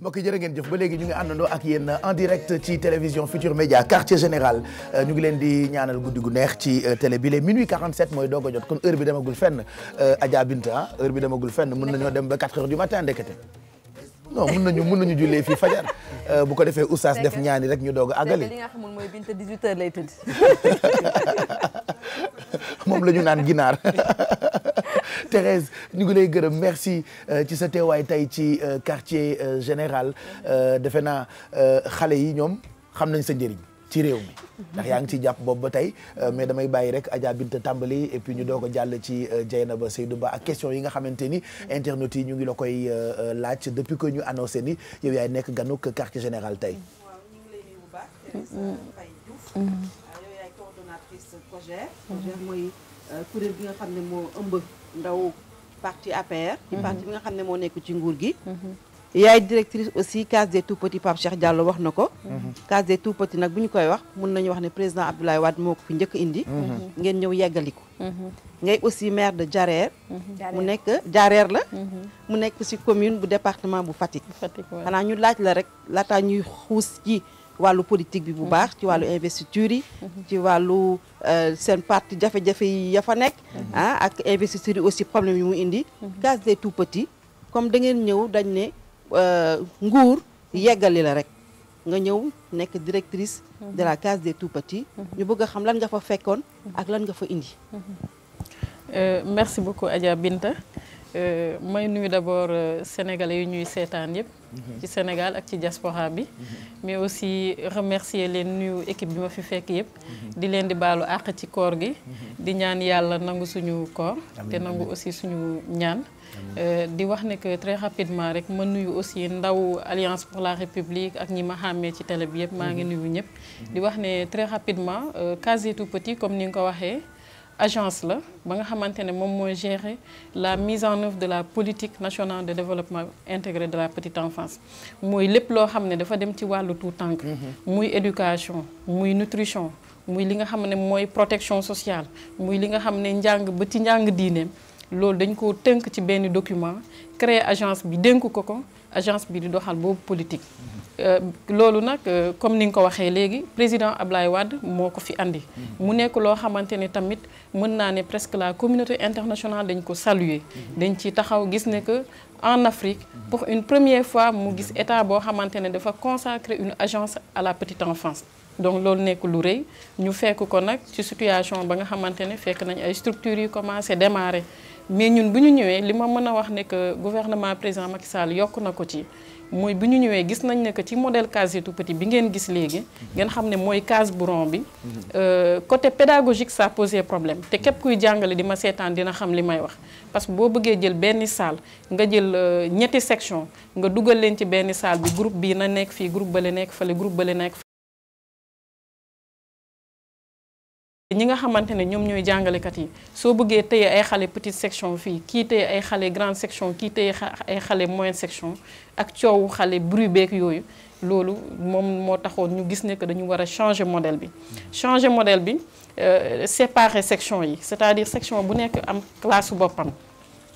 mbokk ki jër ngeen jëf ba léegi ñu ngi àndandoo ak yenn en direct ci télévision Futur Média quartier général euh, ñu ngi leen di ñaanal guddi gu neex ci euh, télé bi les minuit 47 mooy doog a jot kon heure bi demagul fenn euh, Adja Binta ah, heure bi demagul fenn mën nañoo dem ba 4 heures du matin ndekete non mën mun na ñu jullee fii fajar bu ko defee oustaz def ñaani rek ñu doog a àggali li nga xamul mooy moom la ñu naan ginaar Thérèse ñu ngi lay gërëm merci euh, ci sa teewaay tey ci euh, quartier euh, général defe naa xale yi ñoom xam nañ sa njëriñ ci réew mi ndax yaa ngi ciy jàpp boobu ba tey mais damay bàyyi rek Adja Binta tàmbali et puis ñu doog ko jàll ci Dieynaba Seydou Ba ak question yi nga xamante ni mm-hmm. internautes yi ñu ngi la koy laaj depuis que ñu annoncé ni yow yaay nekk ganuk quartier général tey. COJER COJER bi nga xam ne moo ëmb ndaw parti APR ci mhm. parti bi nga xam ne moo nekk ci nguur gi mhm. yaay directrice aussi case des tout petits Pape Cheikh Diallo wax na ko mhm. case des tout petits nag bu ñu koy wax mun nañu wax ne président Abdoulaye Wade moo ko fi njëkk indi ngeen ñëw yeggaliko ngay aussi maire de Diarère mu nekk Diarère la mu nekk ci commune bu département bu Fatick xanaa ñu laaj la rek laataa ñuy xuus ci wàllu politique bi bu mhm. baax ci wàllu investiture yi mhm. ci wàllu euh, seen parti jafe-jafe yi ya fa nekk mhm. ah ak investiture yi aussi problème yi mu indi case des tout petits comme da ngeen ñëw dañ ne euh, nguur yeggali la rek nga ñëw nekk directrice de la case des tout petits ñu bëgg a xam lan nga fa fekkoon ak lan nga fa indi euh, merci beaucoup Adja Euh, may nuyu d'abord euh, sénégalais yu ñuy seetaan yëpp. Mhm. ci Sénégal ak ci jaspora bi. Mhm. mais aussi remercier leen nuyu équipe bi ma fi fekk yëpp. Mhm. di leen di baalu àq ci koor gi. di ñaan yàlla nangu suñu koor. te nangu aussi suñu ñaan. Euh, di wax ne que très rapidement rek ma nuyu aussi ndaw Alliance pour la République ak ñi ma xàmmee ci télé bi yëpp maa ngi nuyu ñëpp. di wax ne très rapidement quasi tout petit comme ni nga ko waxee. agence la ba nga xamante ne moom mooy gérer la mise en œuvre de la politique nationale de développement intégré de la petite enfance mooy lépp loo xam ne dafa dem ci wàllu tout tànk mhm. muy éducation muy nutrition muy li nga xam ne mooy protection sociale muy li nga xam ne njàng ba ci njàng diineem loolu dañ ko tënk ci benn document créer agence bi dénk ko ko agence bi di doxal boobu politique. Euh, loolu nag euh, comme ni nga ko waxee léegi président Ablaye wadd moo ko fi indi mu nekk loo xamante ne tamit mën naa ne presque la communauté internationale dañ ko saluer. dañ ci taxaw gis ne que en Afrique pour une première fois mu gis état boo xamante ne dafa consacrer une agence à la petite enfance. donc loolu nekk lu rëy ñu fekk ko nag ci situation ba nga xamante ne fekk nañ ay structures yu commencé démarrer. mais ñun bu ñu ñëwee li ma mën a wax ne que gouvernement président Macky Sall yokk na ko ci mooy bu ñu ñëwee gis nañ ne que ci modèle case tout petit bi ngeen gis léegi ngeen xam ne mooy case bouron bi euh, côté pédagogique ça posait problème te képp kuy jàngale di ma seetaan dina xam li may wax parce que boo bëggee jël benn salle nga jël euh, ñetti section nga dugal leen ci benn salle bi groupe bii na nekk fii groupe bale nekk fële groupe bale nekk ñi nga xamante ne ñoom ñooy jàngalekat yi soo bëggee téye ay xale petite section fii kii téye ay xale grande section kii téye ay xale moyenne section ak coowu xale bruit beeg yooyu loolu moom moo taxoon ñu gis ne que dañu war a changer modèle bi. changer modèle bi euh, séparer section yi c'est-à-dire section bu nekk am classe boppam.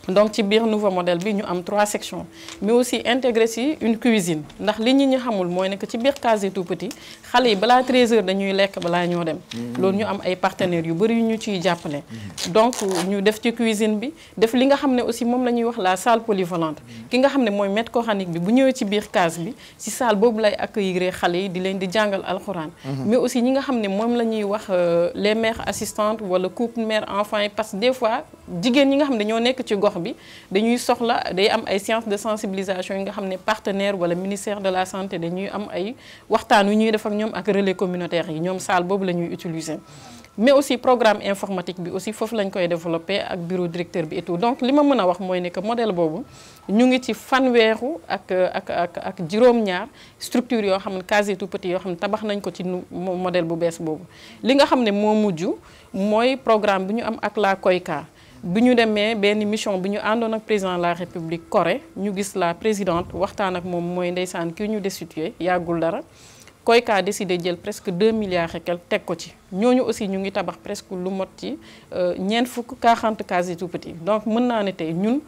donc ci biir nouveau modèle bi ñu am trois sections mais aussi intégré ci une cuisine ndax li ñi ñu xamul mooy nekk ci biir case tout petit xale yi balaa 13 heures lekk balaa ñoo dem. Mm-hmm. loolu am ay partenaires yu bëri yu ñu ciy jàppale. donc ñu def ci cuisine bi def li nga xam ne aussi moom la ñuy wax la salle polyvalente mm-hmm. ki nga xam ne mooy maître coranique bi bu ñëwee ci biir case bi ci salle boobu lay accueillir xale yi di leen di jàngal alxuraan. Mm-hmm. mais aussi ñi nga xam ne moom la ñuy wax euh, les mères assistantes wala couple mère enfant yi parce que des fois jigéen ñi nga xam ne ñoo nekk ci gox. gox bi dañuy soxla day am ay séances de sensibilisation yi nga xam ne partenaire wala ministère de la santé dañuy am ay waxtaan wi ñuy def ak ñoom ak relais communautaire yi ñoom saal boobu la ñuy utiliser. mais aussi programme informatique bi aussi foofu lañ koy développé ak bureau directeur bi etu tout donc li ma mën a wax mooy ne que modèle boobu ñu ngi ci fanweeru ak ak ak ak juróom-ñaar structure yoo xam ne quasi tout yoo xam ne tabax nañ ko ci modèle bu bees boobu. li nga xam ne moo mujj mooy programme bi ñu am ak la bi ñu demee benn mission bi ñu àndoon ak président de la république Corée ñu gis la président waxtaan ak moom mooy ndeysaan ki ñu destitué yàggul dara koy a décidé jël presque deux milliards et quelques teg ko ci ñooñu aussi ñu ngi tabax presque lu mot ci euh, ñeent fukk 40 cases yi donc mën naa ne tey ñun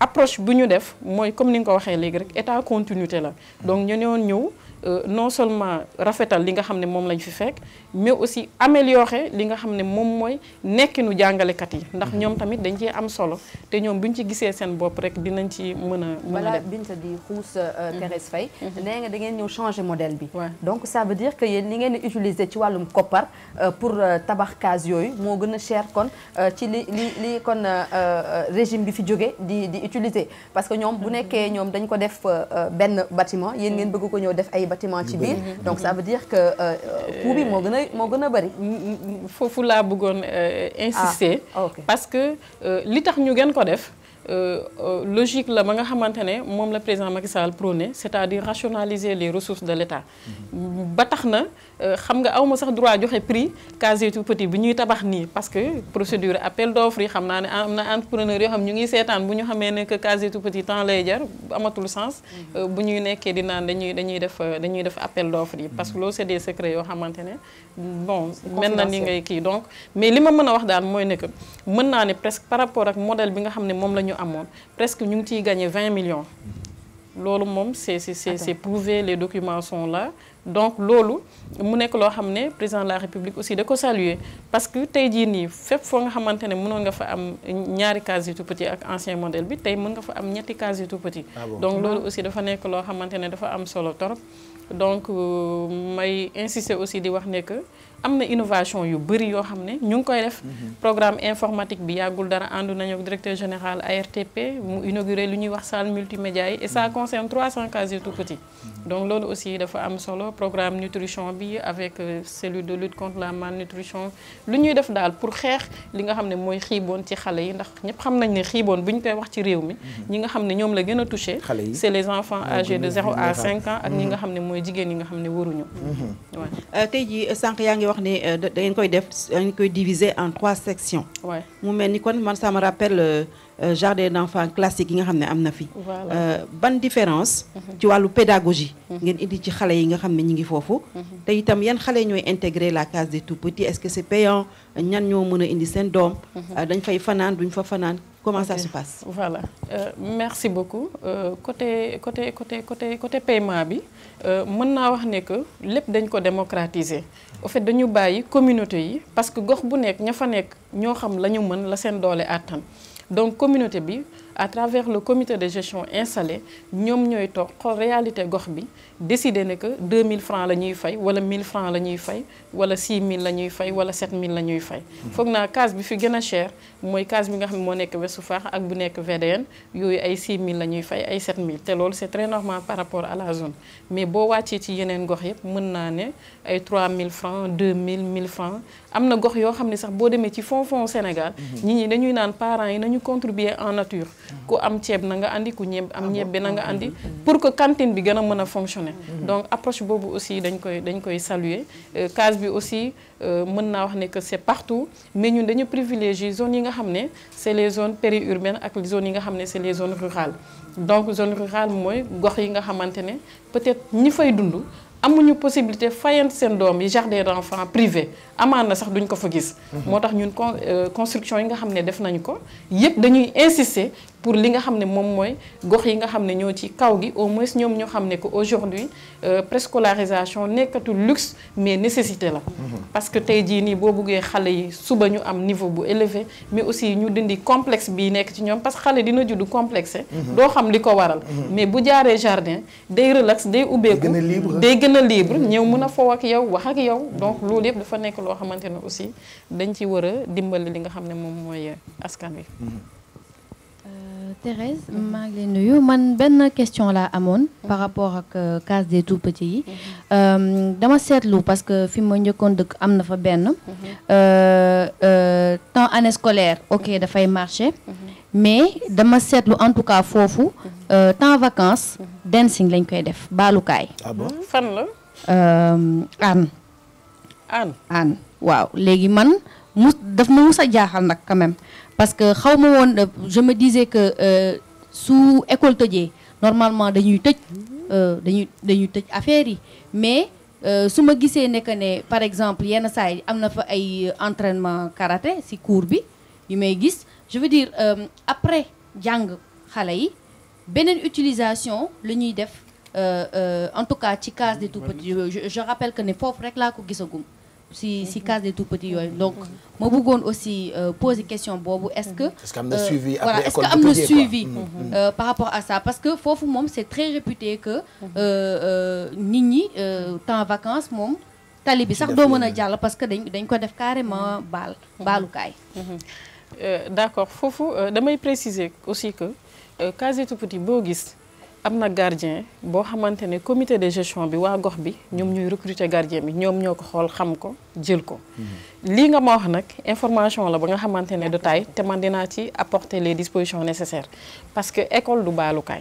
approche bu ñu def mooy comme ni nga ko waxee léegi rek état continuité la donc ñu ñëw euh, non seulement rafetal li nga xam ne moom lañ fi fekk mais aussi améliorer li nga xam ne moom mooy nekkinu jàngalekat yi ndax mhm. ñoom tamit dañ ci am solo te ñoom bu ñu ci gisee seen bopp rek dinañ ci mën a mën a Binta di xuus euh, mhm. Thérèse Faye mhm. nee nga da ngeen ñëw changer modèle bi donc ça veut dire que yéen li ngeen utiliser ci wàllum koppar euh, pour euh, tabax case yooyu moo gën a cher kon ci li li li kon régime bi fi jóge di di utiliser parce que ñoom bu nekkee ñoom dañ ko def benn batiment yéen ngeen bëgg ko ñëw def ay bâtiment ci biir donc ça veut dire que coût bi a moo gën a bëri. Mm, mm, mm, foofu laa bëggoon euh, insister. Ah, parce que euh, li tax ñu gën ko def. Euh, logique la ba nga xamante ne moom la président Macky Sall prôné c'est-à-dire rationaliser les ressources de l'État mm-hmm. ba tax na. Euh, xam nga aw ma sax droit joxe prix casier tout petit bi ñuy tabax nii parce que procédure appel d'offre yi xam naa ne am na entrepreneur yoo xam ne ñu ngi seetaan bu ñu xamee ne que casier tout petit temps lay jar amatul sens. Mhm. Euh, bu ñuy nekkee di naan dañuy dañuy def euh, dañuy def appel d'offre yi. parce que mhm. loolu c'est des secrets yoo xamante ne bon. mel na ni ngay kii donc mais li ma mën a wax daal mooy ne que mën naa ne presque par rapport ak modèle bi nga xam ne moom la ñu amoon presque ñu ngi ciy gagné 20 millions. Mhm. loolu moom c'est les documents sont là. donc loolu mu nekk loo xam ne président la république aussi da ko saluer parce que tey jii nii fépp foo nga xamante ne mënoon nga fa am ñaari case yu ak ancien modèle bi tey mën nga fa am ñetti case yu tout petit ah donc loolu ah. aussi dafa nekk loo xamante ne dafa am solo torop donc euh, may insister aussi di wax ne que am na innovation yu bëri yoo xam ne ñu ngi koy def mhm. programme informatique bi yàggul dara àndu nañu ak directeur général ARTP mu inauguré lu ñuy wax salle multimédia yi et ça mhm. concerne 300 casiers tout petit mhm. donc loolu aussi dafa am solo programme nutrition bi avec euh, cellule de lutte contre la malnutrition lu ñuy def daal pour xeex li nga xam ne mooy xiiboon ci xale yi ndax ñëpp xam nañ ne xiiboon bu ñu koy wax ci réew mi ñi nga xam ne ñoom la gën a touché c'est les enfants âgés de 0 à 5 ak ñi nga xam ne mooy jigéen yi nga xam ne waruñu euh, wax euh, da ngeen koy def da ngeen koy diviser en trois sections. mu mel ni kon man ça me rappelle euh, euh, jardin d'enfants classique yi nga xam ne am na fi. ban différence. Mhm. ci wàllu pédagogie. Mhm. ngeen indi ci xale yi nga xam ne ñu ngi foofu. Mhm. te itam yan xale ñooy intégrer la case des tout petits est-ce que c'est payant ñan ñoo mën a indi seen doom. dañ fay fanaan duñ fa fanaan. comment okay. ça se passe voilà merci beaucoup euh, côté côté côté côté côté paiement bi mën naa wax ne que lépp dañ ko démocratiser au fait dañu bàyyi communauté yi parce que gox bu nekk ña fa nekk ñoo xam la mën la seen doole àttan donc communauté bi à travers le comité de gestion installé ñoom ñooy toog réalité gox bi décidé ne que mille francs la ñuy fay wala 1000 francs la ñuy fay wala 6000 la ñuy fay wala 7000 la ñuy fay. Mhm. foog naa case bi fi gën a cher mooy case bi nga xam ne moo nekk Ouest Foire ak bu nekk VDN yooyu ay 6000 la ñuy fay ay mille te lool c'est très normal par rapport à la zone mais boo wàccee ci yeneen gox yëpp mën naa ne ay 3000 francs 2000 mille francs am na gox yoo xam ne sax boo demee ci fond fond Sénégal. Mhm. nit ñi dañuy naan parents yi nañu contribuer en nature. Mhm. ku am ceeb na nga andi ku ñebe am ah ñebe na nga ah andi. pour que cantine bi gën a mën a fonctionner. concerné donc approche boobu aussi dañ koy dañ koy saluer euh, case bi aussi euh, mën naa wax ne que c'est partout mais ñun dañu privilégier zones yi nga xam ne c'est les zones périurbaines ak zones yi nga xam ne c'est les zones rurales donc zone rurale mooy gox yi nga xamante ne peut-être ñi fay dund amuñu possibilité fayant seen doom yi jardin d'enfants privé amaan na sax duñ ko fa gis mhm. moo tax ñun euh, construction yi nga xam ne def nañu ko yépp dañuy insister pour li nga xam ne moom mooy gox yi nga xam ne ñoo ci kaw gi au moins ñoom ñoo xam ne que aujourd'hui euh, préscolarisation nekkatul luxe mais nécessité la mhm. parce que tey jii nii boo buggee xale yi suba ñu am niveau bu élevé mais aussi ñu dindi complexe bii nekk ci ñoom parce que xale dina juddu complexe mhm. doo xam li ko waral mhm. mais bu jaaree jardin day relax day ubbeeku day gën a libre ñëw mën a fow ak yow wax ak yow donc loolu yëpp dafa nekk loo xamante ne aussi dañ ci war a dimbali li nga xam ne moom mooy askan wi Thérèse mhm. maa ngi leen nuyu man benn question laa amoon mhm. par rapport ak euh, case des tout petits yi mhm. euh, dama seetlu parce que fi ma njëkkoon dëkk am na fa benn euh, temps année scolaire ok dafay marché mais dama seetlu en tout cas foofu temps vacances dancing lañ koy def baalukaay aan aan aan waaw léegi man mus daf ma mus a jaaxal nag quand parce que xaw ma woon euh, je me disais que euh, su école tëjee normalement dañuy tëj euh, dañuy dañuy tëj affaire yi mais su ma gisee ne que ne par exemple yenn saa yi am na fa ay entraînement karaté ci cours bi yu may gis je veux dire après jàng xale yi beneen utilisation la ñuy def en tout cas ci case des tout petits je rappelle que ne foofu rek laa ko gisagum si si mhm. case des tout petits yooyu mhm. donc ma bëggoon aussi euh, poser question boobu est-ce mhm. que est-ce euh, est euh, par rapport à ça parce que foofu moom c'est très réputé que nit ñi temps vacances moom tali bi sax doo mën a jàll parce que dañ dañ ko def carrément baal baalukaay d'accord foofu damay préciser aussi que case des tout petits boo gis am na gardien boo xamante ne comité de gestion bi waa gox bi ñoom ñooy recruter gardien bi ñoom ñoo ko xool xam ko jël ko. Mhm. lii nga ma wax nag information la ba nga xamante ne de taille te man dinaa ci apporter les disposition nécessaire parce que école du baalukaay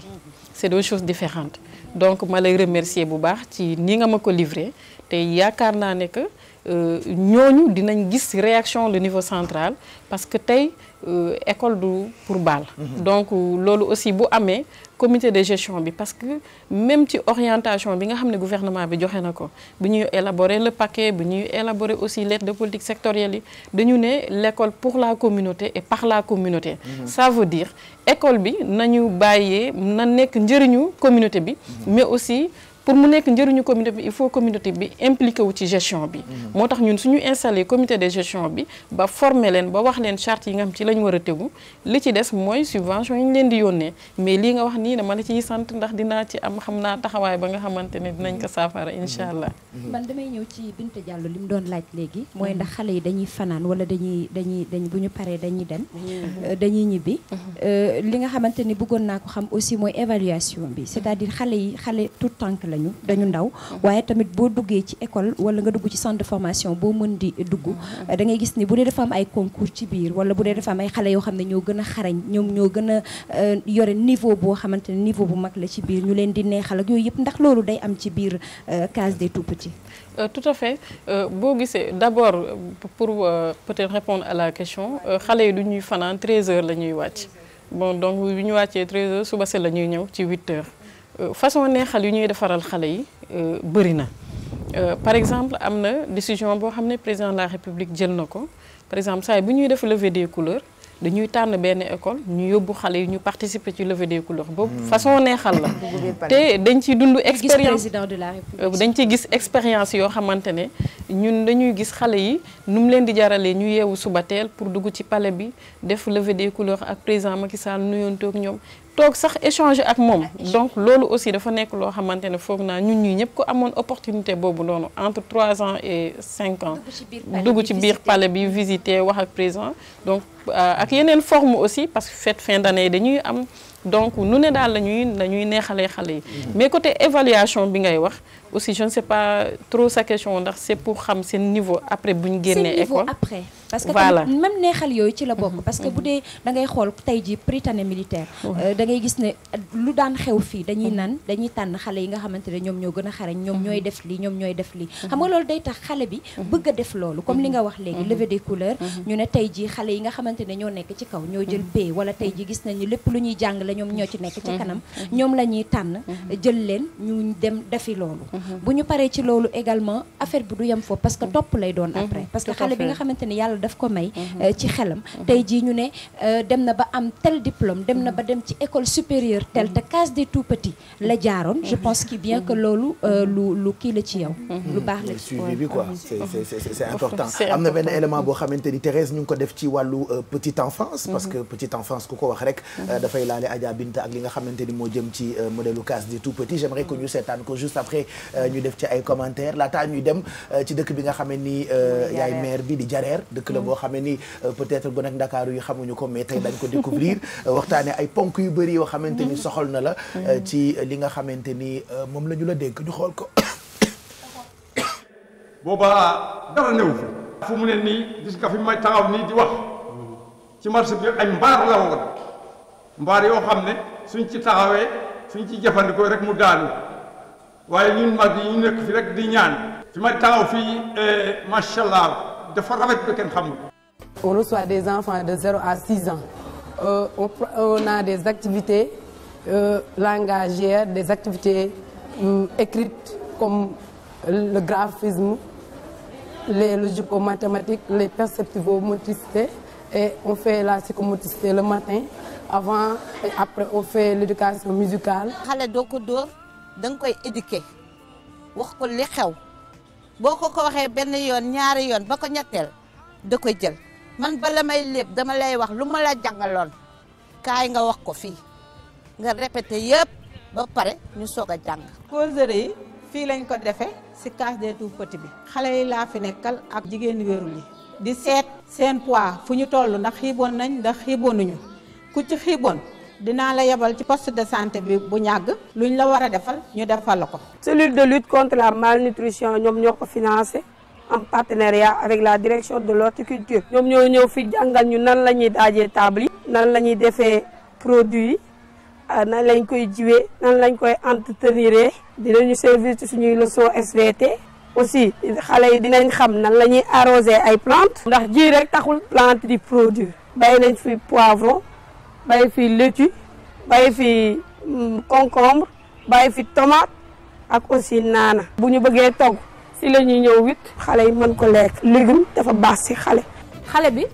c'est deux choses différentes donc ma lay remercier bu baax ci ni nga ma ko livrer te yaakaar naa ne que euh, ñooñu dinañ gis réaction le niveau central parce que tey. Euh, école du pour baal. donc loolu aussi bu amee commité de gestion bi parce que même ci orientation bi nga xam ne gouvernement bi joxe na ko bu ñuy élaborer le paquet bi ñuy élaborer aussi lettre de politique sectorielle yi dañu ne l'école pour la communauté et par la communauté. Mhm. ça veut dire école bi nañu bàyyee na nekk njëriñu communauté bi mhm. mais aussi. pour mu nekk njëriñu communauté bi il faut bi impliqué wu ci gestion bi. Mhm. moo tax ñun suñu installé comité de gestion bi ba forme leen ba wax leen charte yi nga xam ci lañ war a tegu li ci des mooy subvention yi ñu leen di yónnee mais li nga wax nii dama la ciy sant ndax dina ci am xam naa taxawaay ba nga xamante ne dinañ ko saafara mhm. incha allah. Mhm. man damay ñëw ci Binta jàll li mu doon laaj léegi. mooy ndax xale yi dañuy fanaan wala dañuy dañuy dañ bu ñu paree dañuy dem. Euh, dañuy ñibbi. Euh, li nga xamante ni bëggoon naa xam aussi mooy évaluation bi c'est-à-dire xale yi xale tout tànk la lañu dañu ndaw waaye tamit boo duggee ci école wala nga dugg ci centre de formation boo mën di dugg mm-hmm. da ngay gis ni bu dee dafa am ay concours ci biir wala bu dee dafa am ay xale yoo xam ne ñoo gën a xarañ ñoom ñoo gën a euh, yore niveau boo xamante ne niveau bu mag la ci biir ñu leen di neexal ak yooyu yëpp ndax loolu day am ci biir euh, case des tout ci euh, tout à fait boo gisee d'abord pour peut-être répondre à la question xale yi du ñuy fanaan 13 heures la ñuy wàcc bon donc bu ñu la ñuy ñëw ci Euh, façon neexal yu ñuy defaral xale yi euh, bëri na euh, par exemple am na décision boo xam ne président de la république jël na ko par exemple saa yi bu ñuy def levée de couleur dañuy tànn benn école ñu yóbbu xale yi ñu participer ci levée des couleurs boobu hmm. façon neexal la te dañ ciy dund expérience dañ ciy gis expérience yoo xamante ne ñun dañuy gis xale yi nu mu leen di jaralee ñu yeewu suba teel pour dugg ci pale bi def levée des couleurs ak président Macky Sall nuyoontoog ñoom toog sax échanger ak moom donc loolu aussi dafa nekk loo xamante ne foog naa ñun ñii ñëpp ko amoon opportunité boobu noonu entre trois ans et cinq ans dugg ci biir pale bi visiter wax ak président donc euh, ak yeneen forme aussi parce que fête fin d'année dañuy am donc nu ne daal la ñuy la ñuy neexalee xale yi mm-hmm. mais côté évaluation bi ngay wax aussi je ne sais pas trop sa question ndax c'est pour xam seen niveau après bu ñu génnee école après parce que voilà. même neexal yooyu ci la bokk mhm. parce que bu mhm. dee dangay xool tey ji prytanée militaire euh, da ngay gis ne lu daan xew fii dañuy mhm. nan dañuy tànn xale yi nga xamante ne ñoom ñoo gën a xarañ ñoom ñooy def lii ñoom ñooy def lii xam loolu day tax xale bi bëgg a def loolu comme li nga wax léegi lever des couleurs ñu ne tey ji xale yi nga xamante ne ñoo nekk ci kaw ñoo jël b wala tey ji gis nañu lépp lu ñuy jàng ñoom ñoo ci nekk ci kanam ñoom la ñuy tànn jël leen ñu dem defi loolu bu ñu paree ci loolu également affaire bi du yem foofu parce que topp lay doon mhm. après parce que xale bi nga xamante ne yàlla daf ko may mhm. euh, ci xelam mhm. tey jii ñu ne euh, dem na ba am tel diplôme dem na ba dem ci école supérieure tel te case des tout petits la jaaroon je pense que bien que loolu euh, lu lu kii la ci yow lu baax la ci suivi bi important am na benn élément boo xamante ni Thérèse ñu ngi ko def ci wàllu petite enfance parce que petite enfance ku ko wax rek dafay laale Adja Binta ak nga xamante ni moo jëm ci modèle case des seetaan ko juste après Euh, ñu def ci ay commentaires laataa ñuy dem euh, ci dëkk bi nga xam ne nii. yaay maire bi di Jareer. dëkk la boo mm. xamee ne nii euh, peut-être bu nekk Ndakaaru yi xamuñu ko mais tey dañ ko découvrir waxtaanee ay ponk yu bari yoo xamante ni mm. soxal na la. Mm. ci li nga xamante ni moom la la dénk ñu xool ko. mu nii gis nga fi may taxaw nii di wax ci marché bi ay mbaar la woon mbaar yoo xam ne suñ ci taxawee suñ ci jëfandikoo rek mu daanu waaye ñun mag nekk fi rek fi ma taxaw fii eh, macha allah dafa rafet kenn xamul. on reçoit des enfants de zéro à six ans euh, on, on a des activités euh, des activités euh, écrites comme le graphisme les logico-mathématiques les perceptivo-motricité et on fait la psychomotricité le matin avant et après on fait l'éducation musicale. xale doo ko danga koy éduquer wax ko li xew boo ko ko waxee benn yoon ñaari yoon ba ko ñetteel da ko jël man bala may lépp dama lay wax lu ma la jàngaloon kaay nga wax ko fii nga répété yëpp ba pare ñu soog a jàng. causerie yi fii lañ ko defee si case des tout bi xale yi laa fi nekkal ak jigéen wérul yi di seet seen pois fu ñu tollu ndax xiiboon nañ ndax xiiboonuñu ku ci xiiboon. dinaa la yebal ci poste de santé bi bu ñàgg lu ñu la war a defal ñu defal la ko. cellule de lutte contre la malnutrition ñoom ñoo ko financé en partenariat avec la direction de l'horticulture. ñoom ñoo ñëw fi jàngal ñu nan la ñuy daajee table yi. nan la ñuy defee produit yi ah, nan lañ koy jiwee nan lañ koy entretenir dinañu servir ci suñuy leçon SVT. aussi xale yi dinañ xam nan la ñuy arroser ay plantes. ndax ji rek taxul plante di produire. bay fi poivron. bàyyi fi laitue bàyyi fi mm, concombre bàyyi fi tomate ak aussi naana bu ñu bëggee togg si la ñuy ñëw wit xale yi mën ko lekk légume dafa baax si xale xale bi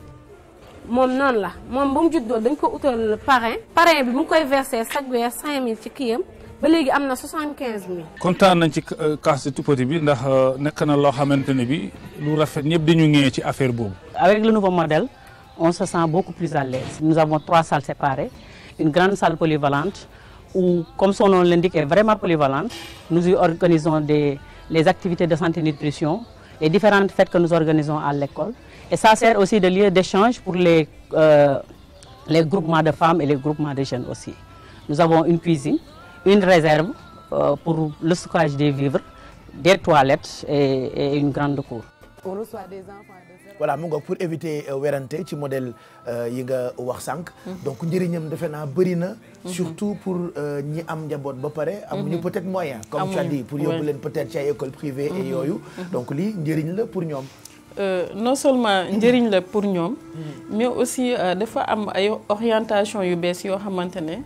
moom noonu la moom ba mu juddoo dañ ko utal parrain parrain bi mu ngi koy versé chaque weer cinq mille ci kiyam ba léegi am na soixante quinze mille kontaan nañ ci Case du Tout Petit bi ndax euh, nekk na loo xamante ne bi lu rafet ñëpp dañu ñëwee ci affaire boobu avec le nouveau modèle on se sent beaucoup plus à l'aise. Nous avons trois salles séparées, une grande salle polyvalente où, comme son nom est vraiment polyvalente. Nous organisons des, les activités de santé et nutrition, les différentes fêtes que nous organisons à l'école. Et ça sert aussi de lieu d'échange pour les, euh, les groupements de femmes et les groupements de jeunes aussi. Nous avons une cuisine, une réserve euh, pour le stockage des vivres, des toilettes et, et une grande cour. voilà mu ngoog pour éviter euh, werante ci modèle euh, yi nga wax sànq. Mm-hmm. donc njëriñam defe naa bëri na. Mm-hmm. surtout pour euh, ñi am njaboot ba pare. Mm-hmm. am ñu être moyen. comme tu as dit pour yóbbu leen peut-être ci ay école yooyu. donc lii njëriñ la pour ñoom. Euh, non seulement njëriñ la pour ñoom. mais aussi dafa am ay orientation yu bees yoo xamante ne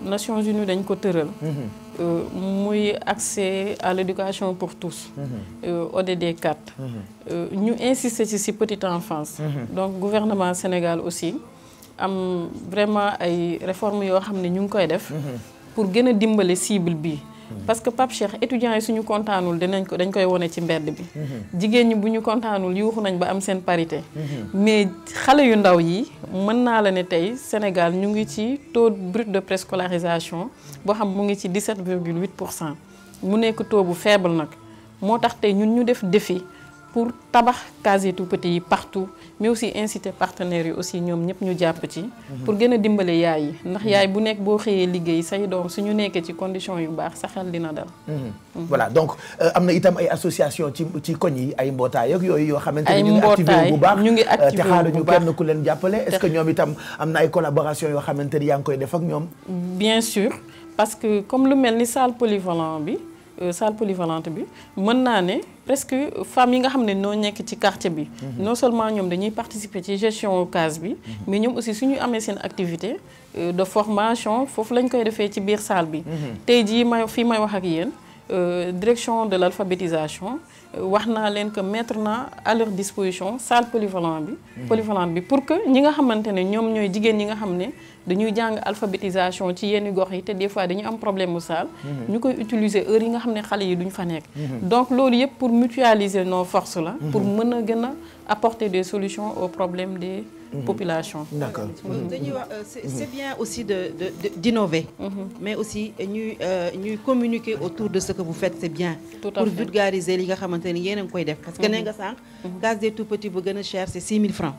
Nations Unies dañ ko tëral. Euh, muy accès à l'éducation pour tous. Mhm. Euh, ODD 4. Mhm. Euh, ñu insister ci ci petite enfance. Mhm. donc gouvernement Sénégal aussi am vraiment ay réformes yoo xam ne ñu ngi koy def. pour gën a dimbale cible bi. parce que Pape Cheikh étudiants yi suñu kontaanul dinañ ko dañ koy wone ci mbedd bi. Mm-hmm. jigéen ñi bu ñu kontaanul yuuxu nañ ba am seen parité. Mm-hmm. mais xale yu ndaw yi mën naa la ne tey Sénégal ñu ngi ci taux brut de préscolarisation boo xam mu ngi ci 17 virgule 8 pour cent mu nekk taux bu faible nag moo tax tey ñun ñu def défi pour tabax case tu petit yi partout. mais aussi inciter partenaires yi aussi ñoom ñëpp ñu jàpp ci. pour gën a dimbale yaay yi ndax yaay bu nekk boo xëyee liggéey say doom ñu nekkee ci condition yu baax sa xel dina dal. Mhm. Mhm. voilà donc euh, am na itam ay association ci ci koñ yi ay mbootaay ak yooyu yoo xamante ne ñu ngi activé bu baax ñu ngi euh, activé bu baax te xaaruñu ku leen jàppale est-ce que ñoom itam am na ay collaboration yoo xamante ni yaa ngi koy def ak ñoom. bien sûr parce que comme lu mel ni salle polyvalent bi. Euh, salle polyvalente bi mën naa ne presque femmes yi nga xam ne noo nekk ci quartier bi. Mhm. non seulement ñoom dañuy participer ci gestion case bi. Mhm. mais ñoom aussi suñu amee seen activité euh, de formation foofu lañ koy defee ci biir salle bi. Mhm. tey jii may fii may wax ak yéen euh, direction de l'alphabétisation wax naa leen que mettre naa à leur disposition salle polyvalente bi. polyvalente bi pour que ñi nga xamante ne ñoom ñooy jigéen ñi nga xam ne. dañuy jàng alphabétisation ci yenn gox yi te des fois dañu am problème mu saal. Mhm. ñu koy utiliser heure yi nga xam ne xale yi duñ fa nekk. Mhm. donc loolu yëpp pour mutualiser nos forces la. Mhm. pour mën a gën a apporter des solutions au problème des. Mm-hmm. population. Mm-hmm. d'accord mm-hmm. dañuy wax euh, c'est bien aussi de de d'innover. mais aussi euh, ñuy euh, ñuy communiquer autour de ce que vous faites c'est bien. pour vulgariser li nga xamante ni yéen a koy def. parce que nee nga sànq. case des tout petits bu gën a cher c'est francs.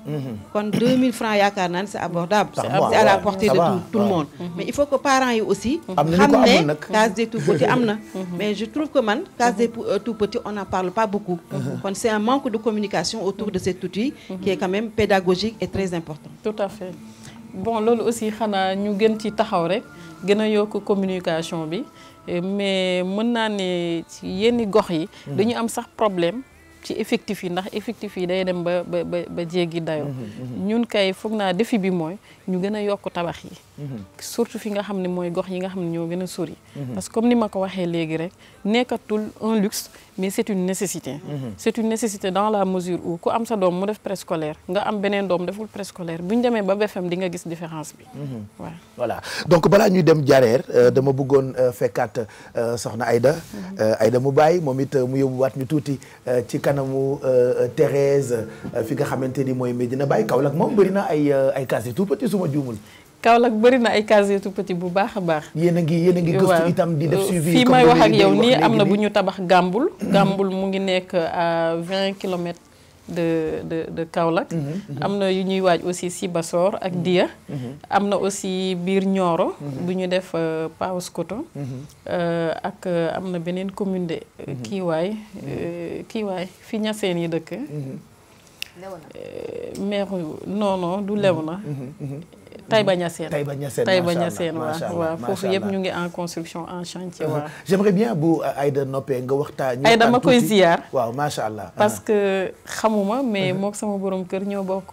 kon francs yaakaar naa c'est abordable. c'est à la portée de tout le monde. mais il faut que parents yi aussi. am case des tout petits am na. mais je trouve que man case des tout petits on n'en parle pas beaucoup. très important. tout à bon loolu aussi xanaa ñu gën ci taxaw rek gën a yokk communication bi mais mën naa ne ci yenn gox yi. Hmm. dañu am sax problème. ci effectif yi ndax effectif yi day dem ba ba ba jéggi dayoo. Hmm, hmm, ñun kay foog naa défi bi mooy ñu gën a yokk tabax yi. surtout fi nga xam ne mooy gox yi nga xam ne ñoo gën a sori. parce comme ni ma ko waxee léegi rek nekkatul un luxe. mais c'est une nécessité. Mhm. c'est une nécessité dans la mesure où ku am sa doom mu def préscolaire nga am beneen doom deful préscolaire bu ñu demee ba BFM di nga gis différence bi. waaw mhm. voilà donc balaa ñuy dem jareer euh, dama bëggoon euh, fekkaat euh, soxna Aïda. Mhm. ayda mu bàyyi moom it mu waat ñu tuuti ci kanamu Thérèse fi nga xamante ni mooy Medina Baye Kaolack moom bëri na ay ay case tout petit suma juumul. Kaolack bëri na ay cases tout petit bu baax a baax. yéen a yéen a ngi gëstu itam di def euh, may wax ak yow nii am na bu ñu tabax gàmbul mm-hmm. Gambul mu ngi nekk à 20 kilomètres de de de Kaolack. Mm-hmm, mm-hmm. am na yu ñuy waaj aussi Sibassor ak Dia. am na aussi biir Nioro. bu ñu def euh, Paos Koto. Euh, ak am na beneen commune de. Kiiwaay Kiiwaay fi Ñaseen yi dëkk. Léona maire non non du Léona. Taïba Niassène Taïba Niassène Taïba Niassène waaw waaw foofu yëpp ñu ngi en construction en chantier mhm. waaw. j'aimerais bien bu Aïda noppee nga waxtaan. ñu Aïda ma koy ziyaar waaw macha allah. parce mhm. que xamuma mais mhm. mook sama borom kër ñoo bokk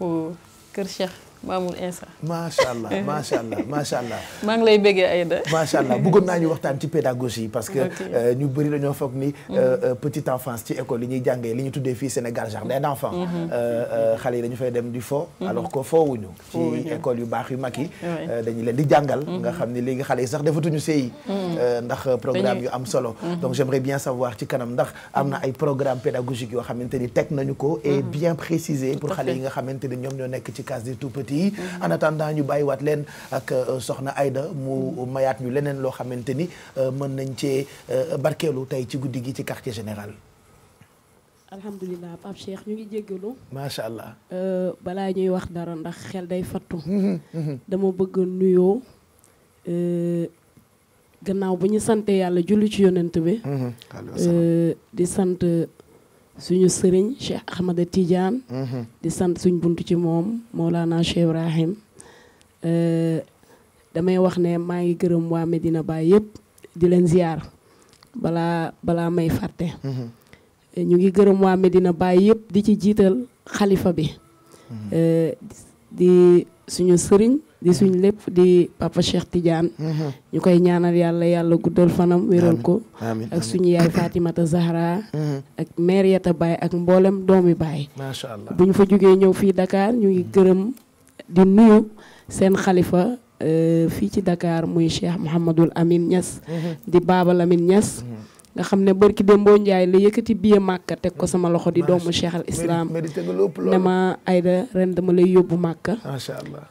kër Cheikh. maamul insa macha allah macha allah macha allah. maa ngi lay bëggee Aïda. macha allah bëggoon naa ñu waxtaan ci pédagogie parce que euh, ñu bëri dañoo foog ni. Euh, mm-hmm. euh, petite enfance ci école yi ñuy jàngee li ñu tuddee fii Sénégal jardin mm-hmm. d'enfant. Mm-hmm. xale yi dañu fay dem di fo. alors que foowuñu. ci école yu baax yu mag yi. dañu leen di jàngal. nga xam ne léegi xale yi sax defatuñu séy. ndax programme yu am solo. donc j'aimerais bien savoir ci kanam ndax am na ay programme pédagogique yoo xamante ni teg nañu ko. et bien précisé pour xale yi nga xamante ni ñoom ñoo nekk ci case des tout petits yi en daa ñu bàyyiwaat leen ak euh, soxna Aida mu mayaat ñu leneen loo xamante ni euh, mën nañ cee euh, barkeelu tey ci guddi gi ci quartier général alhamdulilah Pape Cheikh ñu ngi jéggalu macha allah balaa ñuy wax dara ndax xel day fattu mm-hmm, mm-hmm. dama bëgg nuyoo gannaaw ba ñu sante yàlla julli ci yonent bi mm-hmm. di sant suñu sëriñ Cheikh Ahmada Tidiane. Mm-hmm. di sant suñ buntu ci moom moo laa Cheikh Ibrahim. Euh, damay wax ne maa ngi gërëm waa dina Baye yëpp di leen ziar balaa balaa may fàtte. Mm-hmm. Euh, ñu ngi gërëm waa dina Baye yëpp di ci jiital xalifa bi. Mm-hmm. Euh, di suñu sëriñ. di suñ lépp di papa Cheikh Tidiane. Mm-hmm. ñu koy ñaanal yàlla yàlla guddal fanam wéral ko. ak suñu yaay Fatimata Zahra. Mm-hmm. ak mère bay ak mboolem doomi bay macha allah bu ñu fa jógee ñëw fii dakaar ñu ngi mm-hmm. gërëm di nuyu seen xalifa euh, fii ci dakaar muy Cheikh Mouhamadul Amin Niass. di Baba Lamine Niass. nga xam ne barki Dembo Ndiaye la yëkkati billet Màkka teg ko sama loxo di doomu Cheikh al Islam ne ma Aïda ren dama lay yóbbu Màkka.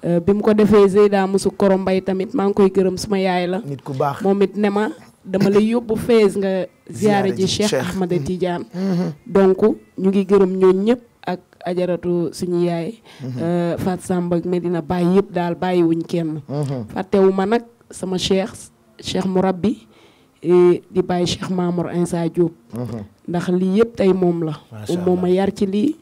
Euh, bi mu ko defee Zeyda Musu Koro Mbay tamit maa ngi koy gërëm suma yaay la. nit ku baax moom it ne ma dama lay yóbbu fees nga. ziyaare ji Cheikh Ahmada mm-hmm. Tidiane. Mm-hmm. donc ñu ngi gërëm ñooñ ñëpp ak ajaratu suñu yaay. Mm-hmm. Euh, Fat Samba Medina bàyyi yëpp daal bàyyiwuñ kenn. fàttewuma nag sama cheikh cheikh Murabbi. Eh, di bàyyi Cheikh Mamour Insa Diop. Mhm. ndax lii yëpp tey moom la. moom ma yar ci lii.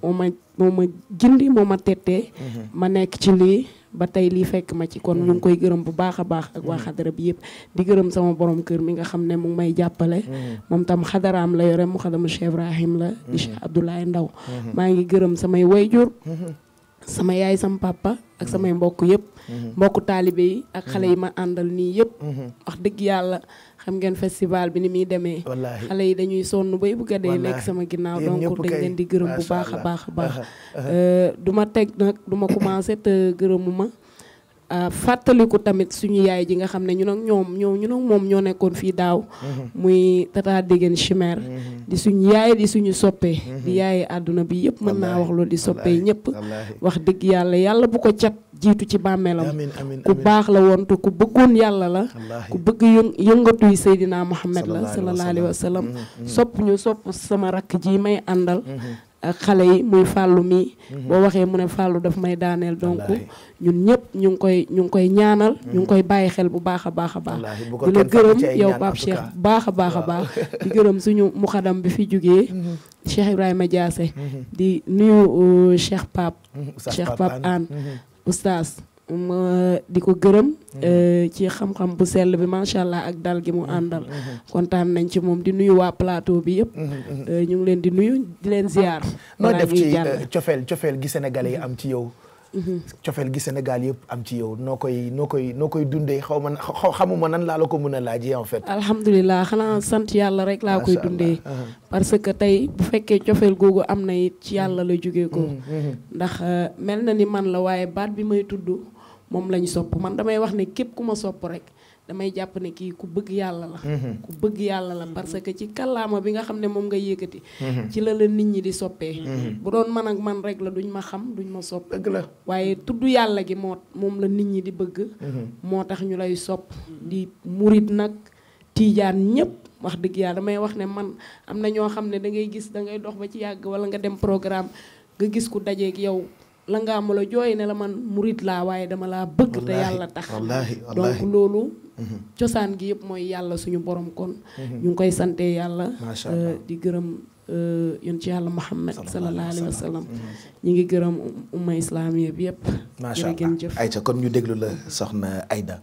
moom ma moom ma gindi moom ma tettee. Mhm. ma nekk ci lii ba tey lii fekk ma ci kon ñu ngi mhm. koy gërëm bu baax a baax ak waa xadara bi yépp di gërëm sama borom kër mi nga xam ne mu may jàppale. moom tam xadaraam la yore mu xadamu Cheikh la. di Cheikh Abdoulaye Ndaw maa ngi gërëm samay wayjur. sama yaay sama pàppa ak samay mbokk yépp mbokk taalibe yi ak xale yi ma àndal nii xam ngeen festival bi ni muy demee. wallaahi xale yi dañuy sonn bay bugg a dee nekk sama ginnaaw. donc dañ leen di gërëm bu baax a baax a baax. Euh, du ma teg nag du ma commencé te gërëmuma. fàttaliku tamit suñu yaay ji nga xam ne ñu ak ñoom ñoo ñun moom ñoo nekkoon fii daaw. Mhm. muy tata Degen Chimère. Mhm. di suñu yaay di suñu soppee. Mhm. di yaay àdduna bi yëpp mën naa wax loolu di soppee ñëpp. wax dëgg yàlla yàlla bu ko cat. jiitu ci bàmmeelam ku baax la woon te ku bëggoon yàlla la ku bëgg yë yëngatuy Seydina Muhammad la sallallahu alayhi wa sallam mm, mm. sopp ñu sopp sama rakk ji may àndal mm-hmm. ak xale yi muy fàllu mii mm-hmm. boo waxee mu ne fàllu daf may daaneel donc ñun ñëpp ñu ngi koy ñu ngi koy ñaanal mm-hmm. ñu ngi koy bàyyi xel bu baax a baax a baax di la gërëm yow Pape Cheikh baax a baax a baax di gërëm suñu muxadam bi fi jógee Cheikh Ibrahima Diassé di nuyu euh, Cheikh Pape Cheikh Pape Anne oustaz ma di ko gërëm mhm. euh, ci xam-xam bu sell bi macha allah ak dal gi mu mhm. àndal mhm. kontaan nañ ci moom di nuyu waa plateau bi yëpp euh, ñu ngi leen di nuyu di leen ziar noo def ci euh, cofeel cofeel gi sénégalais yi am ci yow Mm-hmm. cofeel gi Sénégal yëpp am ci yow noo koy noo koy noo koy dundee xaw ma xamuma nan laa la ko mën a laajee en fait. alhamdulilah xanaa sant yàlla rek laa koy dundee. Uh-huh. parce que tey bu fekkee cofeel googu am na it ci yàlla la jógee ko. Mm-hmm. ndax uh, mel na ni man la waaye baat bi may tudd moom lañ sopp man damay wax ne képp ku ma sopp rek. damay jàpp ne kii ku bëgg yàlla la mm-hmm. ku bëgg yàlla la parce que ci kàllaama bi nga xam ne moom nga yëkkati mm-hmm. ci la la nit ñi di soppee mm-hmm. bu doon man ak man rek la duñ ma xam duñ ma sopp dëgg la waaye tudd yàlla gi moo moom la nit ñi di bëgg moo tax ñu lay sopp di murit nag tiijaan ñépp wax dëgg yàlla may wax ne man am na ñoo xam ne da ngay gis da ngay dox ba ci yàgg wala nga dem programme nga gis ku dajeeg yow la nga amula jooy ne la man murit laa waaye dama laa bëgg te yàlla tax donc loolu cosaan gi yëpp mooy yàlla suñu borom kon. Mhm. ñu ngi koy sante yàlla. Euh, di gërëm euh, yoon ci yàlla Muhammad sallallahu alayhi wa sallam. ñu ngi gërëm um, umma islamiya bi yëpp. macha allah kon ñu déglu la soxna Aïda.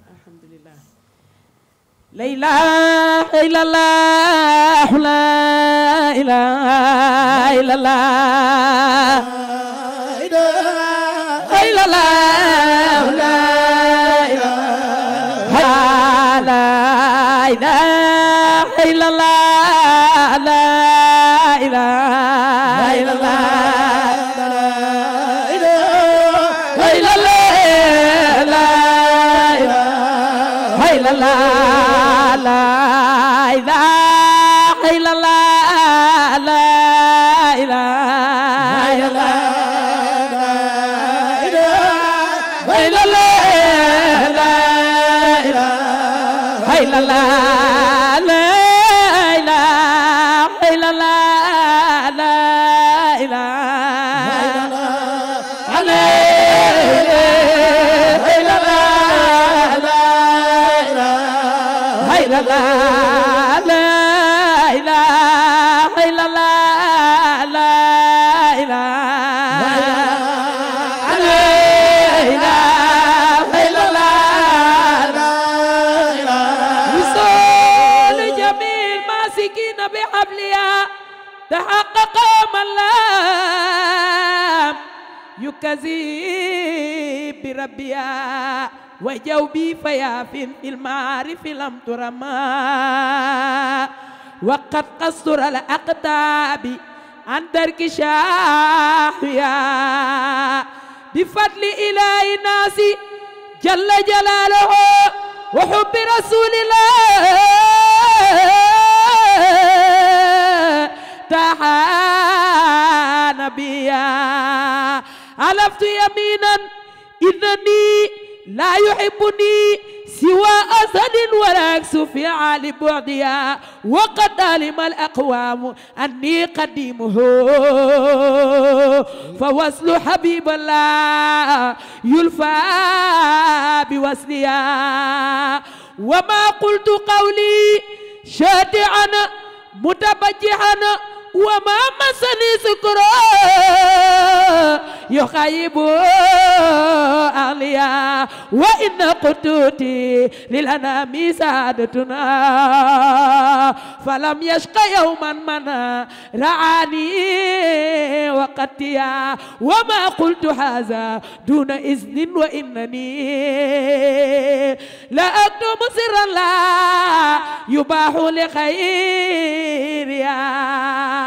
la ilaha illallah la ilaha illallah la ilaha مركزي بربيا وجوبي فيا في المعارف لم ترما وقد قصر الأقطاب عن درك شاهيا بفضل إله ناسي جل جلاله وحب رسول الله تعالى نبيا ألفت يمينا إذني لا يحبني سوى أزل والعكس في عالي بعدها وقد علم الأقوام أني قديمه فوصل حبيب الله يلفى بوصلها وما قلت قولي شاتعا متبجحا وما مسني سكرا يخيب أهليا وإن قدوتي للأنام سادتنا فلم يشق يوما منا رعاني وقتيا وما قلت هذا دون إذن وإنني لا أكتم سرا لا يباح لخيريا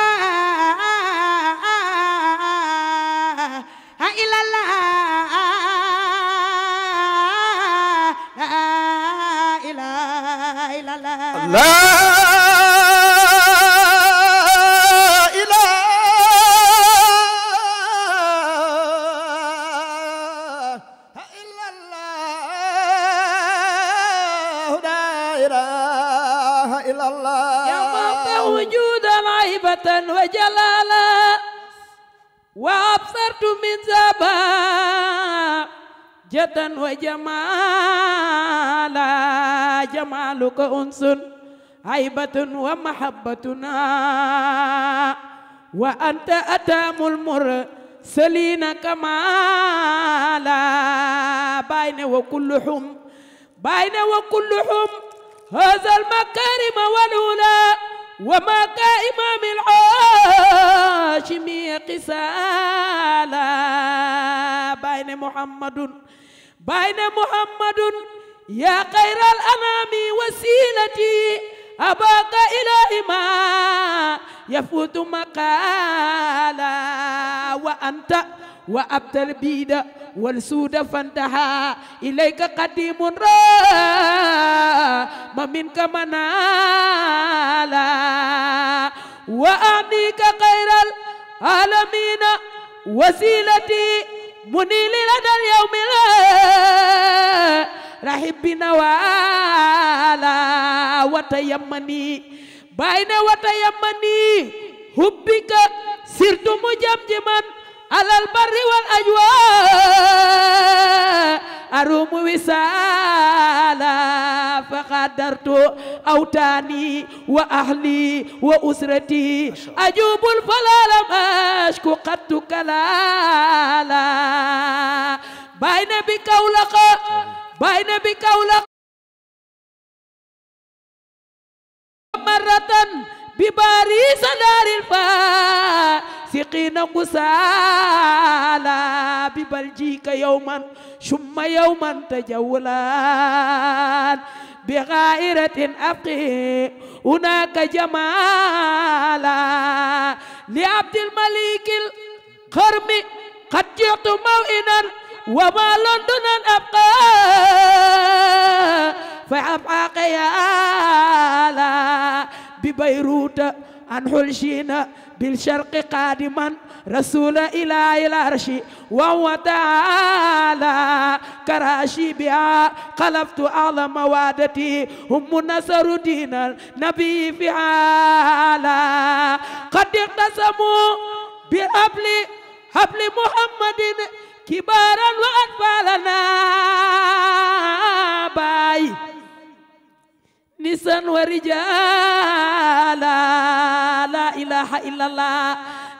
وجلالا وأبصرت من زمان جدا وجمالا جمالك أنس هيبة ومحبتنا وأنت أتام المرسلين كمالا بين وكلهم بين وكلهم هذا المكارم والأولى وما كإمام العاشمية قسالا بين محمد baay ne muhammadun yaa xayral anaami wasiilati abaaka ilaahi ma yafuutu maqaala wa anta wa abtal biida wal suuda fantaha ilayka qadimun ra ma minka manala wa anika khayral alamina wasilati munili lana al yawmi la rahib bi na waala wata yammani bay ne wata yammani hubbika sirtu mu jam ji man alal barri wal ajwa arumu wisaala fa qadartu awtaani wa ahli wa usrati ajubul falala mashku qattu kalala bay ne bi kawlaqa bay ne bi Kaolack maratan bi baari sa daaril fa siqiina gusaala bi baljika yawman summa yawman tajawulan bi gairatin afqi hunaka jamala li abdil malikil xarmi qad jitu mawinan وما لندن أبقى فأبقى يا ببيروت عن حلشينا بالشرق قادما رسول إلى العرش وهو تعالى كراشي بها قلبت أعظم وادتي هم نصر دين النبي فعالا قد اقتسموا بأبل حبل محمد كبارا وأطفالنا باي نسا ورجالا لا إله إلا الله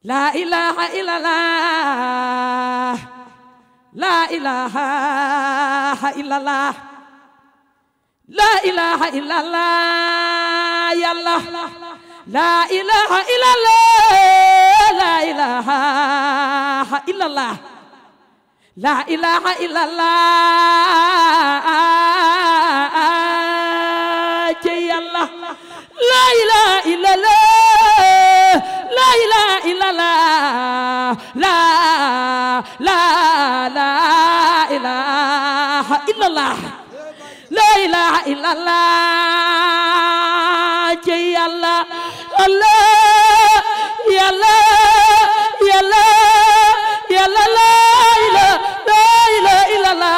laa ilaaha illallah laa ilaaha illallah laa ilaaha illallah yàlla laa ilaaha illallah laa ilaaha illallah laa ilaaha illallah ci yàlla laa ilaaha illallah la ilaha illallah la la la ilaha illallah la ilaha illallah ci yàlla allah yàlla yàlla yàlla la ilaha la ilaha illallah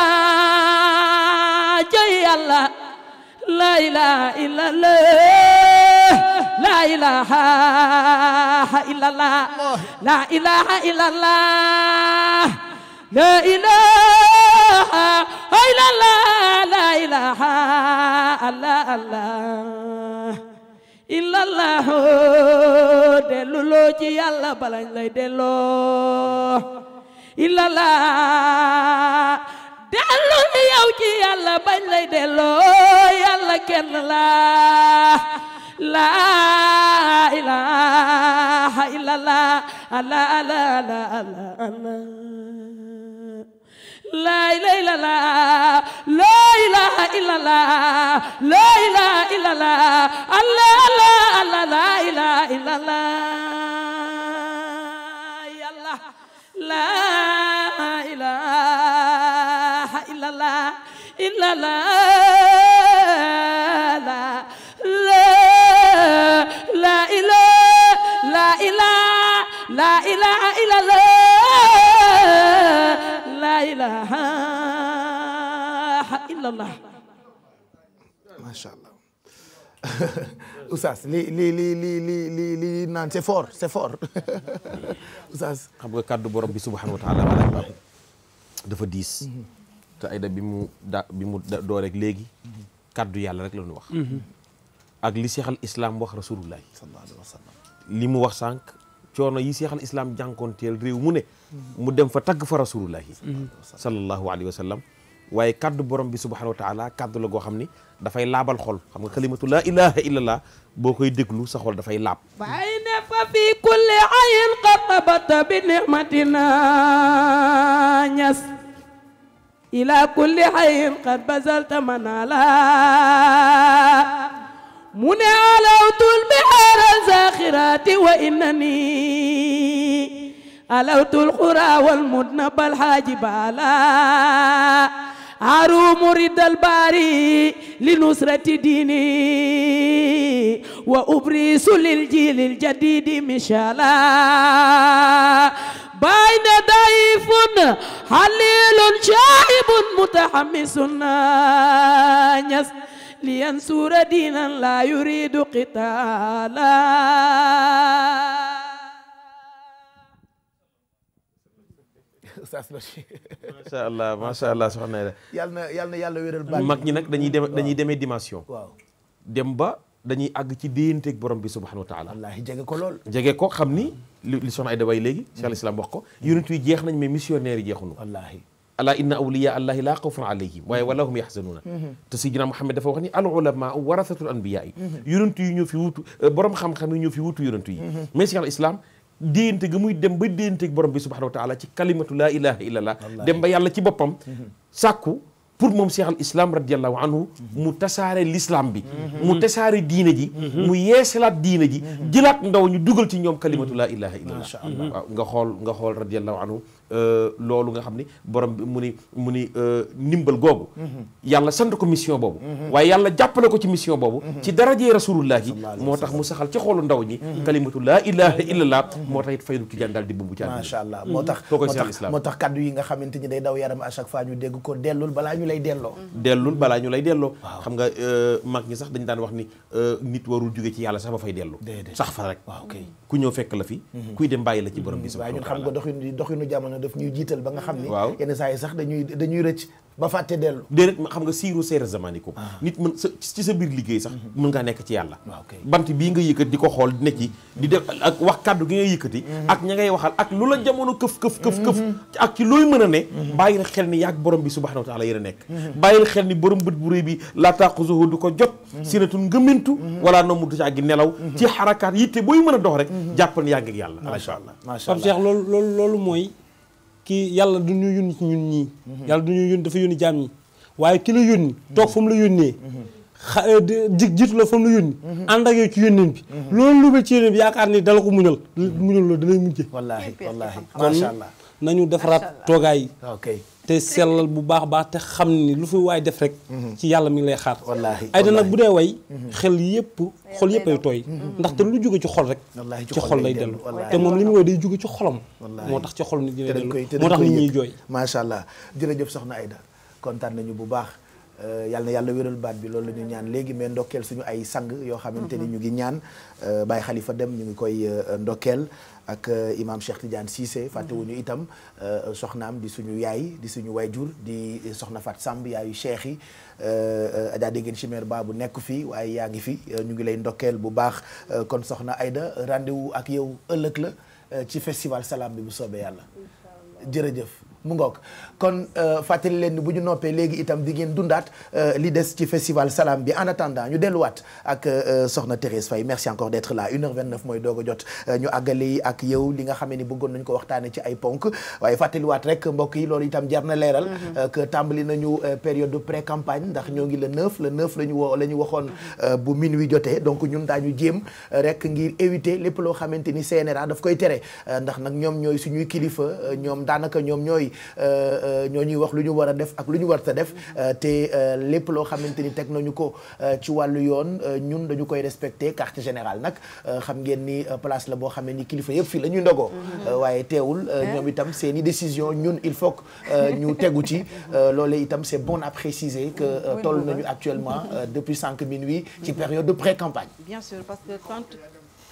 ci yàlla la ilaha illallah ilaha illallah la ilaha illallah la ilaha illallah la ilaha illallah illallah delluloo balañ lay delloo illallah dellu ni yow ci bañ lay delloo yàlla kenn laa ilaaha illallah la la la laa ilaaha illallah laa ilaaha illallah laa ilaaha illallah la la la ilaaha illallah yàlla laa ilaaha illallah illallah la ilaha illallah la ilaha illallah macha allah Oustaz li li li li li li li naan c'est fort c'est fort Oustaz xam nga kàddu borom bi subhanahu wa taala maanaam dafa diis te Aïda bi mu da bi mu doo léegi kàddu yàlla rek la ñu wax mhm. ak li seexal islam wax rasulullah sallallahu alayhi wa li mu wax sànq coono yi seexal islam jànkoonteel réew mu ne mu dem fa tagg fa rasulullahi sallallahu alayhi wa sallam waaye kaddu borom bi subhanahu wa taala kaddu la goo xam ni dafay laabal xol xam nga kalimatu laa ilaha illallah boo koy déglu sa xol dafay laab fay ne fa fi kulli ayin qatabata bi nimatina ñas ila kulli ayin qad bazalta manala mu ne alawtul bihaara zaxiraati wa innani alawtul qura wal mudna bal haaji baala aruumu riddal baari li nusrati diini wa ubriisu lil jiilil jadiidi mishaala bayna dayfun haliilun shaa'ibun mutahammisun ñas liyan دينا لا يريد قتالا macha allah macha allah soxna Aida yàlla na yàlla na yàlla wéral baal mag ñi nag dañuy dem dañuy demee dimension waaw dem ba dañuy àgg ci déyanteeg borom bi subhanahu wa taala wallaahi jege ko lool jege ko xam ni li soxna Aida way léegi cheikh al islam wax ko hmm. yonent yi jeex nañ mais missionnaire yi jeexunu wallaahi ala inna awliya allahi laa xawfun alayhim waaye wala hum yaxzanuuna te sidina Muhammad dafa wax ni yi yonent fi eh, borom xam-xam yi ñoo fi wutu yonent yi mais si al islam déyante ga muy dem ba déyante borom bi subhanahu wa taala ci kalimatu laa ilaha illallah dem ba yàlla ci boppam sàkku pour moom si al islam radiallahu anhu mu tasaare l'islam bi mu tasaare diina ji mu yeesalaat diina ji jëlaat ndaw ñu dugal ci ñoom kalimatu laa ilaha illallah nga xool nga xool radiallahu anhu Euh, loolu nga xam ni borom bi mu ni mu ni euh, ndimbal googu mhm. yàlla sant ko mission boobu mhm. waaye yàlla jàppale ko ci mission boobu mhm. ci darajee rasulullah yi moo tax mu saxal ci xoolu ndaw ñi kalimatu laa ilaha illallah moo tax it faydu tijaan daal di bumbu ci macha allah moo moo tax kaddu yi nga xamante ni day daw yaram à chaque fois ñu dégg ko dellul balaa ñu lay delloo dellul balaa ñu lay delloo xam nga euh, mag ñi sax dañ daan wax ni nit warul jóge ci yàlla sax ba fay la fi kuy dem bàyyi la ci borom bi daf ñuy jiital ba nga xam ni waaw yenn saa yi sax dañuy dañuy rëcc ba fàtte dellu déedéet xam nga siiru seera zamanikum ah. nit mën sa ci sa biir liggéey sax mm-hmm. mën ngaa nekk ci yàlla bant bii nga yëkkat di ko xool ne ci di de mm-hmm. ak wax kàddu gi nga yëkkati mm-hmm. ak ña ngay waxal ak lu la jamono këf këf këf këf ak ci looy mën a ne bàyyil xel ni yàgg borom bi subhanahu wa taala yéen a nekk bàyyil xel ni borom bët bu réy bi laa taaxuzuhu du ko jot sinatun ngëmintu wala noomu du ci àggi nelaw ci xarakaat yitte booy mën a dox rek jàppal yàgg yàlla macha allah macha allah Cheikh loolu loolu mooy kii yàlla du ñu yónni ci ñun ñii yàlla du ñu yónni dafa yónni jaam ñi waaye ki la yónni toog fa mu la yónnee xa euh, jig jiitu la fa mu la yónni ànd ak yow ci yónneen bi loolu lu ba ci yónneen bi yaakaar ni dala ko muñal muñal loolu danay mujje wallaahi wallaahi nañu defaraat toogaay te sellal bu baax baax te xam ni lu fi waay def rek. Mhm. ci yàlla mi ngi lay xaar. wallaahi ay nag bu dee way. Mhm. xel yëpp xol yëpp ay tooy. ndax mhm. ndaxte lu jóge ci xol rek. ci xol lay dellu te moom li mu woy day jóge ci xolam. moo tax ci xol nit ñi lay dellu moo tax nit ñiy jooy. macha allah jërëjëf soxna Aida kontaan nañu bu baax. Euh, yàlla na yàlla wéral baat bi loolu la ñu ñaan léegi mais ndokkeel suñu ay sang yoo xamante ni mhm. ñu ngi ñaan euh, Baye xalifa Dem ñu ngi koy euh, ndokkeel ak imam Cheikh Tidiane Cissé mhm. fàttewuñu itam soxnaam di suñu yaay di suñu wayjur di soxna Fat Samb yaayu cheikh yi Adja dégg ngeen chimère ba bu nekk fii waaye yaa ngi fi ñu ngi lay ndokkeel bu baax kon soxna ayda rendez-vous ak yow ëllëg la ci festival salaam bi bu soobee yàlla jërëjëf mu ngoog kon euh, fàttali leen ni bu ñu noppee léegi itam di ngeen dundaat euh, li des ci festival salaam bi en attendant ñu delluwaat ak euh, soxna Thérèse Faye merci encore d'être là 1h29 mooy doog a jot ñu àggale yi ak yow li nga xamee ni bëggoon nañu ko waxtaane ci ay ponk waaye fàttaliwaat rek mbokk yi loolu itam jar na leeral mm-hmm. que tàmbali nañu période de pré campagne ndax ñoo ngi le 9 le 9 la ñu woo la ñu waxoon mm-hmm. bu wi jotee donc ñun daañu jéem rek ngir éviter lépp loo xamante ni CNRA daf koy tere ndax nag ñoom ñooy suñuy kilifa ñoom daanaka ñoom ñooy Euh, euh, ñoo ñuy wax lu ñu war a def ak lu ñu war ta def euh, te lépp loo xamante ni teg nañu ko ci wàllu yoon ñun dañu koy respecté quartier général nag xam ngeen ni place la boo xamee ni kilifa yëpp fii la ñuy ndogoo mm-hmm. waaye teewul eh? ñoom itam seen i décision ñun il faut que ñu tegu ci loolu itam c'est bon a préciser que toll nañu actuellement depuis cinq minuit ci mm-hmm. période de pré-campagne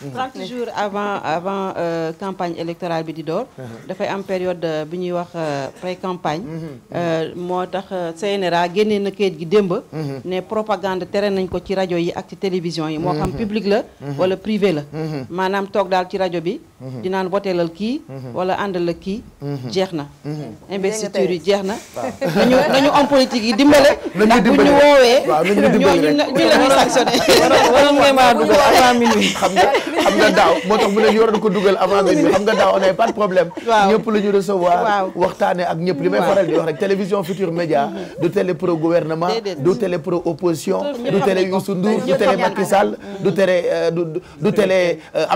30 mm-hmm. jours avant avant euh, campagne électorale bi di door. Uh-huh. dafay am période euh, bi ñuy wax euh, pré campagne. Mm-hmm. moo tax CNRA génnee na kayit gi démb. Mm-hmm. ne propagande tere nañ ko ci rajo yi ak ci télévision yi. moo xam public la. wala privé la. maanaam toog daal ci rajo bi. di naan woteelal kii. Mhm. wala àndal ak kii. Mhm. jeex na. Mhm. investiture yi jeex na. nañu nañu homme politique yi dimbale. ndax bu ñu woowee. nañu dimbale xam nga xam nga daaw moo tax mu ne yoroon ko dugal avant minuit xam nga daaw on a pas de problème. waaw ñëpp la ñu recevoir. waaw waxtaanee ak ñëpp li may faral di wax rek télévision Futur Média. du télé pro gouvernement. du télé pro opposition. du télé Youssou Ndour du télé Macky du télé euh, du du télé euh,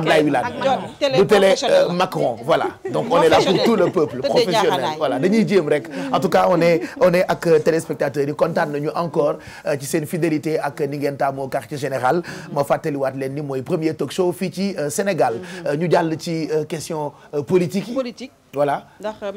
télé euh, Macron voilà donc on est là pour tout le peuple professionnel voilà dañuy jéem rek en tout cas on est on est ak euh, téléspectateurs yi kontaan nañu encore euh, ci seen fidélité ak ni ngeen taamoo quartier général ma fàttaliwaat leen ni mooy premier talk show fii ci Sénégal mhm. ñu jàll ci question politique yi voilà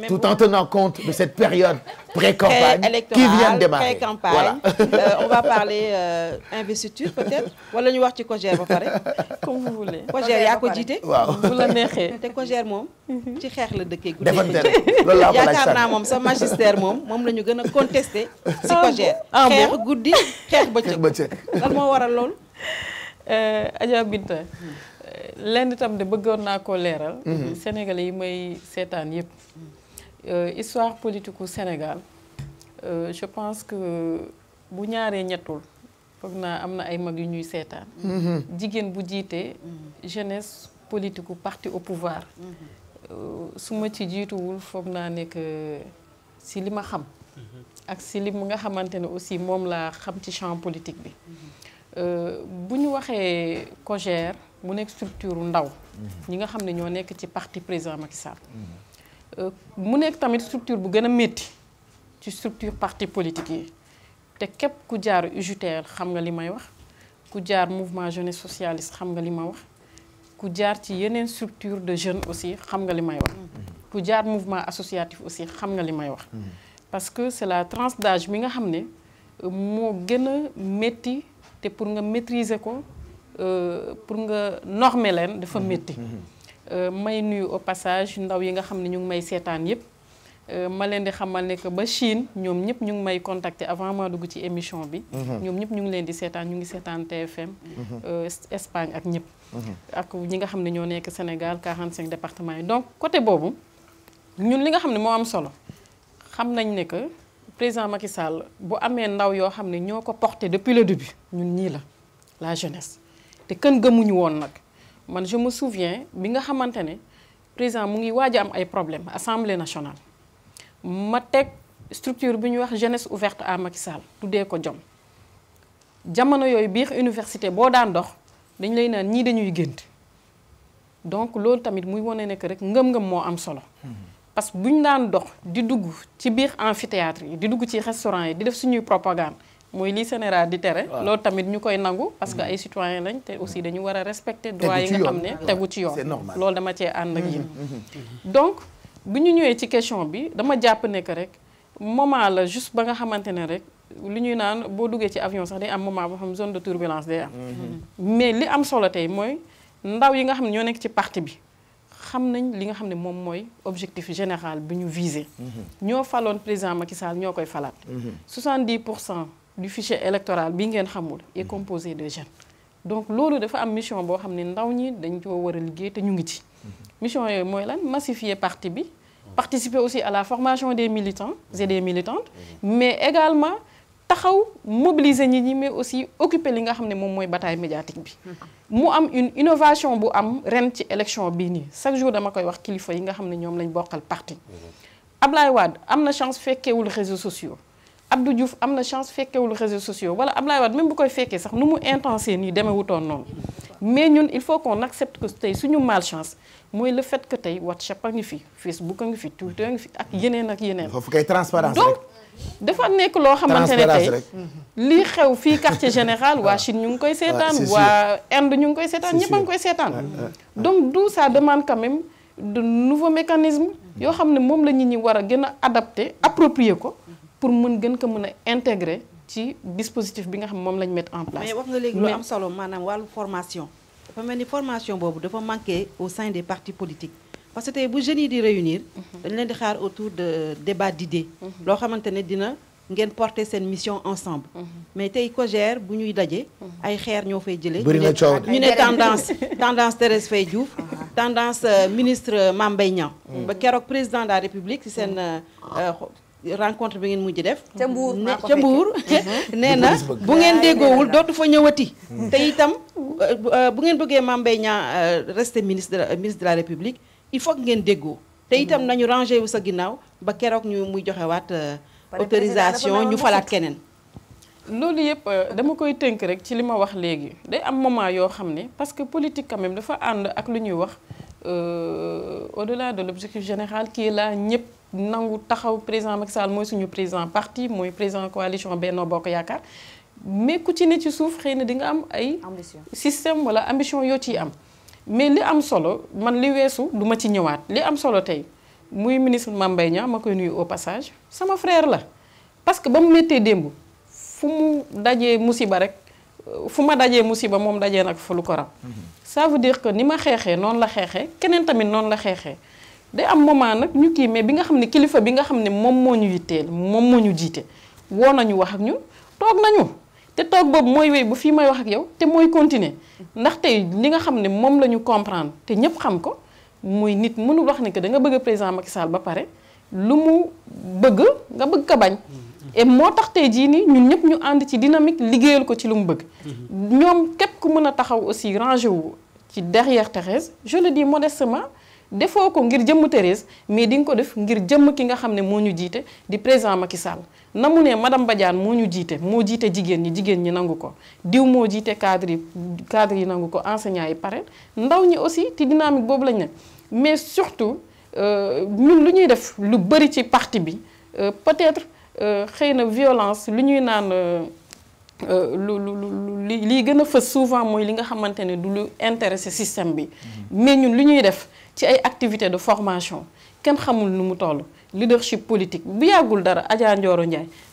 tout en tenant compte de cette période pré-campagne qui vient de démarrer pré-campagne voilà. Euh, on va parler euh, investiture peut-être wala ñu wax ci COJER ba pare comme vous voulez COJER yaa ko jiite waaw la neexee te COJER moom mhm. ci xeex la dëkkee guddi defante rek loolu laa yaakaar naa moom moom moom la ñu gën a contesté si ah COJER ah xeex guddi xeex bëccëg lan lenn itam de bëggoon naa ko leeral. Mhm. Sénégalais yi may seetaan yëpp. Euh, histoire politique u Sénégal euh, je pense que bu ñaaree ñettul foog naa am na ay mag yu ñuy seetaan. Mhm. jigéen bu jiitee mhm. jeunesse politique parti au pouvoir. Euh, su ma ci jiituwul foog naa nekk si li ma xam. ak si li mu nga xamante ne aussi moom laa xam ci champ politique bi. bu ñu waxee COJER. mu nekk structure ndaw mhm. ñi nga xam ne ñoo nekk ci parti président Macky mhm. euh, mu nekk tamit structure bu gën a métti ci structure parti politique yi te képp ku jaar UJTL xam nga li may wax ku jaar mouvement jeunesse socialiste xam nga li ma wax ku jaar ci yeneen structure de jeunes aussi xam nga li may wax mhm. ku jaar mouvement associatif aussi xam nga li may wax parce que c'est la tranche d'âge mi nga xam ne euh, moo gën a métti te pour nga maîtriser ko Euh, pour nga normer leen dafa métti. Euh, may nuyu au passage ndaw yi nga xam ne ñu ngi may seetaan yëpp. Euh, ma leen di xamal ne que ba Chine ñoom ñëpp ñu ngi may contacter avant ma dugg ci émission bi. Mhm. ñoom ñëpp ñu ngi leen di seetaan ñu ngi seetaan TFM. Mhm. Espagne ak ñëpp. Mhm. ak ñi nga xam ne ñoo nekk Sénégal cinq départements yi donc côté boobu ñun li nga xam ne moo am solo xam nañ ne que président Macky bu amee ndaw yoo xam ne ñoo ko porté depuis le début ñun ñii la la jeunesse. te kën gëmuñu woon nag man je me souviens bi nga xamante ne président mu ngi waaj a am ay problème assemblée nationale ma teg structure bi ñuy wax jeunesse ouverte à Macky Sall tuddee ko jom jamono yooyu biir université boo daan dox dañ lay naan ñii dañuy gént donc loolu tamit muy wane nekk rek ngëm-ngëm moo am solo parce que bu ñu daan dox di dugg ci biir amphithéâtre yi di dugg ci restaurant yi di def suñuy propagande mooy lii CNRA di tere. loolu tamit ñu koy nangu parce que mm. ay citoyen lañ te aussi mm. dañu war a respecter droit yi nga xam ne tegu ci yoon loolu dama cee ànd ak mm-hmm. mm-hmm. bu ñu ñëwee ci question bi dama jàpp nekk rek moment la juste ba nga xamante ne rek li ñuy naan boo duggee ci avion sax day am moment boo xam zone de turbulence day am mm-hmm. li am solo tey mooy ndaw yi nga xam ne ñoo nekk ci parti bi xam nañ li nga xam ne moom mooy objectif général bi ñu visé. ñoo faloon président Macky Sall ñoo koy falaat. du fichier électoral bi ngeen xamul et mm. composé de jeunes donc loolu dafa am mission boo xam ne ndaw ñi dañ koo war a liggéey te ñu ngi ci mm-hmm. mission yooyu mooy lan massifier parti bi mm. participer aussi à la formation des militants et des mm-hmm. militantes mm-hmm. mais également taxaw mobiliser nit ñi mais aussi occuper li nga xam ne moom mooy bataay médiatique bi mu am une innovation bu am ren ci élection bi nii chaque jour dama koy wax kilifa yi nga xam ne ñoom lañ bokkal parti Ablaye Wade am na chance fekkeewul réseaux sociaux Abdou Diouf am na chance fekkewul réseaux sociaux wala Ablaye Wade même bu koy fekkee sax nu mu intense nii demewutoon noonu mais ñun il faut nag set que tey suñu malchance mooy le fait que tey WhatsApp a ngi fi Facebook a ngi fi Twitter a ngi fi ak yeneen ak yeneen. foofu kay transparence donc dafa nekk loo xamante ne tey lii xew fii quartier général waa Chine ñu ngi koy ah, seetaan waa Inde ñu ngi koy seetaan ñëpp a ngi koy seetaan ah, ah, donc d'où ça demande quand même de nouveaux mécanismes yoo xam ne moom la nit ñi war a gën a adapté approprier ko pour mun gën ko mën a intégrer ci dispositif bi nga xam moom lañ mettre en place. mais wax nga léegi lu am solo maanaam wàllu formation. dafa mel ni formation boobu dafa manqué au sein des partis politiques parce que tey bu jeunes yi di réunir. Mhm. dañ leen di xaar autour de débat d'idées. Mhm. loo xamante ne dina ngeen porter seen mission ensemble. Mhm. mais tey COJER bu ñuy dajee ay xeer ñoo fay jëlee. bëri na coow ñu ne tendance tendance Thérèse fay Diouf. Ah. tendance euh, ministre Mame Mbaye ba keroog président de la République ci seen. Euh, euh, rencontre bi ngeen mujj def. ca Mbour ca mhm. nee na bu ngeen déggoowul dootu fa ñëwati. Mhm. te itam euh, euh, bu ngeen bëggee Mame Mbaye Niang euh, rester ministre ministre de la République il faut ngeen déggoo. te mhm. itam nañu rangé wu sa ginnaaw ba keroog ñu muy joxe joxewaat autorisation ñu falaat keneen. loolu yëpp dama koy tënk rek ci li ma wax léegi day am moment yoo xam ne parce que politique quand dafa ànd ak lu ñuy wax au-delà de l'objectif général qui est là ñëpp. nangu taxaw président Macky Sall mooy suñu président parti mooy président coalition Benno Bokk Yaakaar mais ci ne ci suuf xëy na di nga am ay. système wala ambition yoo ciy am. mais li am solo man li weesu du ma ci ñëwaat li am solo tey muy ministre Mame Mbaye Niang ma ko nuyu au passage sama frère la parce que ba mu méttee démb fu mu dajee musiba rek euh, fu ma dajee musiba moom dajee nag fa lu ko rab mhm. ça veut dire que ni ma xeexee noonu la xeexee keneen tamit noonu la xeexee. day am moment nag ñu kii mais bi nga xam ne kilifa bi nga xam ne moom moo ñu yitteel moom moo ñu jiite woo ñu wax ak ñun toog nañu te toog boobu mooy wéy bu fii may wax ak yow te mooy continuer ndax tey li nga xam ne moom la ñu comprendre te ñëpp xam ko muy nit mënul wax ne que da nga bëgg président Macky Sall ba pare lu mu bëgg nga bëgg ko bañ. et moo tax tey jii nii ñun ñëpp ñu ànd ci dynamique liggéeyal ko ci lu mu bëgg. ñoom képp ku mën a taxaw aussi rangé wu ci derrière Thérèse je le dis defoo ko ngir jëmm Thérèse mais di nga ko def ngir jëmm ki nga xam ne moo ñu jiite di président Macky Sall na mu ne madame Badiane moo ñu jiite moo jiite jigéen ñi jigéen ñi nangu ko diw moo jiite cadre yi cadre yi nangu ko enseignant yi pare ndaw ñi aussi ci dynamique boobu lañ ne mais surtout euh, ñun lu ñuy def lu bëri ci parti bi euh, peut-être euh, xëy na violence lu ñuy naan lu lu lu li gën a fës souvent mooy li nga xamante ne du lu intéressé système bi mmh. mais ñun lu ñuy def ci ay activités de formation kenn xamul nu mu toll leadership politique bu yàggul dara Adja Ndioro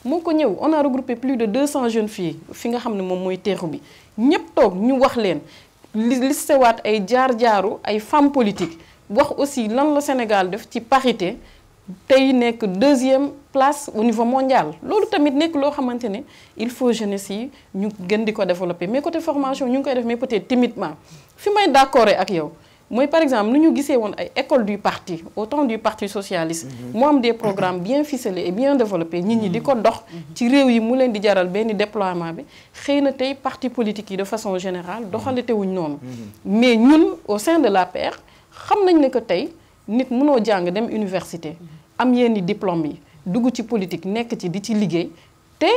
moo ko ñëw on a regroupé plus de 200 jeunes filles fi nga xam ne moom mooy teexu bi ñëpp toog ñu wax leen li listewaat ay jaar-jaaru ay femmes politiques wax aussi lan la Sénégal def ci parité tey nekk deuxième place u niveau mondial loolu tamit nekk loo xamante ne il faut jeunesse yi ñu gën di ko développer mais côté formation ñu ngi koy def mais peut-être timidement fi may d'accord ak yow. mooy par exemple nu ñu gisee woon ay école du parti au temps du parti socialiste mu am des programmes bien ficelés et bien développés nit ñi di ko dox mhm. Mhm. ci réew yi mu leen di jaral benn déploiement bi xëy na tey parti politique yi de façon général te wuñ noonu mhm. mais ñun au sein de la l'APR xam nañ ne que tey nit mënoo jàng dem université am yenn diplôme yi dugg ci politique nekk ci di ci liggéey te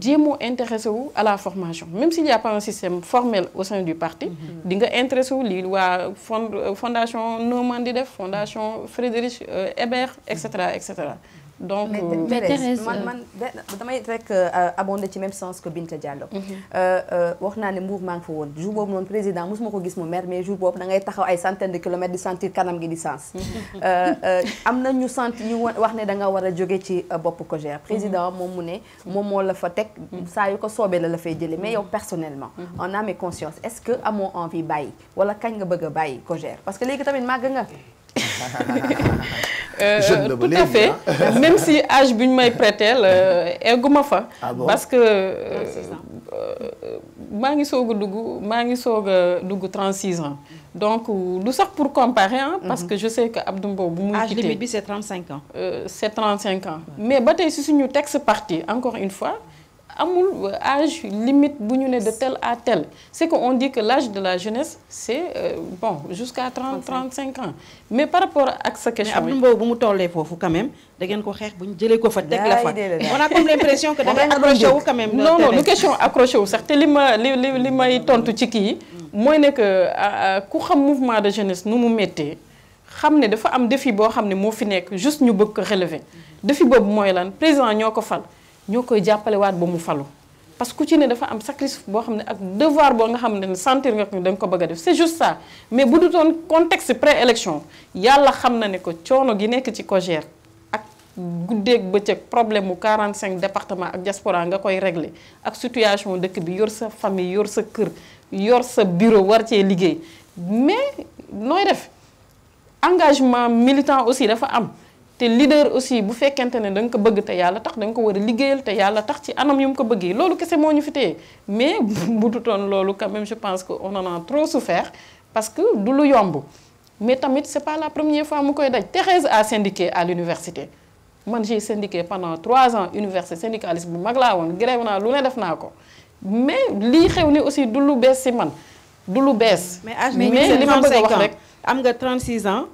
jéem a wu à la formation même s'il n'y a pas un système formel au sein du parti. Mm-hmm. di nga intéressé wu lii waa fond euh, fondation Neumann di def fondation Frédéric Ebert euh, et cetera et cetera. donc mais euh, Thérèse man man damay rek euh, abondé ci même sens que Binta Diallo. Mhm. Euh, wax naa ne Mbour maa ngi fa woon jour boobu noonu président mosuma ko gis mu mer mais jour boobu da taxaw ay centaine de kilomètres di sentir kanam gi di sens. Mhm. am na ñu sant ñu wax ne da nga war a jóge ci bopp COJER. président mhm. moom mu ne moom moo la fa teg saa yu ko soobee la la fay jëlee mais yow personnellement. en âme et conscience est-ce que amoo envie bàyyi wala kañ nga bëgg a bàyyi COJER parce que léegi tamit màgg nga. Euh, tout à fait même si âge bi ñu may prêteel euh, egguma fa. Ah parce que euh, maa ngi soog a dugg maa ngi soog a dugg 36 ans. donc lu sax pour comparer parce mhm. que je sais que Abdou bu muy quitté âge limite bi c'est 35 ans. Euh, c'est 35 ans mais ba tey si suñu texte parti encore une fois. amul âge limite bu ñu ne de tel à tel c'est que on dit que l'âge de la jeunesse c'est euh, bon jusqu'à 30 cinq ans mais par rapport ak sa question bi mais bu mu tollee foofu quand même da ngeen ko xeex bu ñu jëlee ko fa teg la fa on a comme l'impression wu sax te li ma li li tontu ci kii mooy ne que euh, euh, ku xam mouvement de jeunesse nu mu méttee xam ne dafa am défi boo xam ne moo fi nekk juste ñu bëgg ko relever défi boobu mooy lan président ñoo ko fal ñoo koy jàppale waat ba mu falu parce que ku ci ne dafa am sacrifice boo xam ne ak devoir boo nga xam ne sentir nga ko da nga ko bëgg a def c'est juste ça mais bu du doon contexte pré-élection yàlla xam na ne ko coono gi nekk ci COJER ak guddeeg bëccëg problème mu cinq département ak diaspora nga koy régler ak situation dëkk bi yor sa famille yor sa kër yor sa bureau war cee liggéey mais nooy def engagement militant aussi dafa am. te leader aussi bu fekkente ne danga nga ko bëgg te yàlla tax da ko war a liggéeyal te yàlla tax ci anam yu mu ko bëggee loolu kese moo ñu fi téye mais bu dutoon loolu quand même je pense que on en a trop souffert parce que du lu mais tamit c'est par la première fois mu koy daj Thérèse à syndiqué à l'université man j'ai syndiqué pendant trois ans université syndicaliste bu mag laa woon grève naa lu ne def naa ko mais lii xew ni aussi du lu bees si man du lu bees mais li ma bëgg a wax rek am nga 36 ans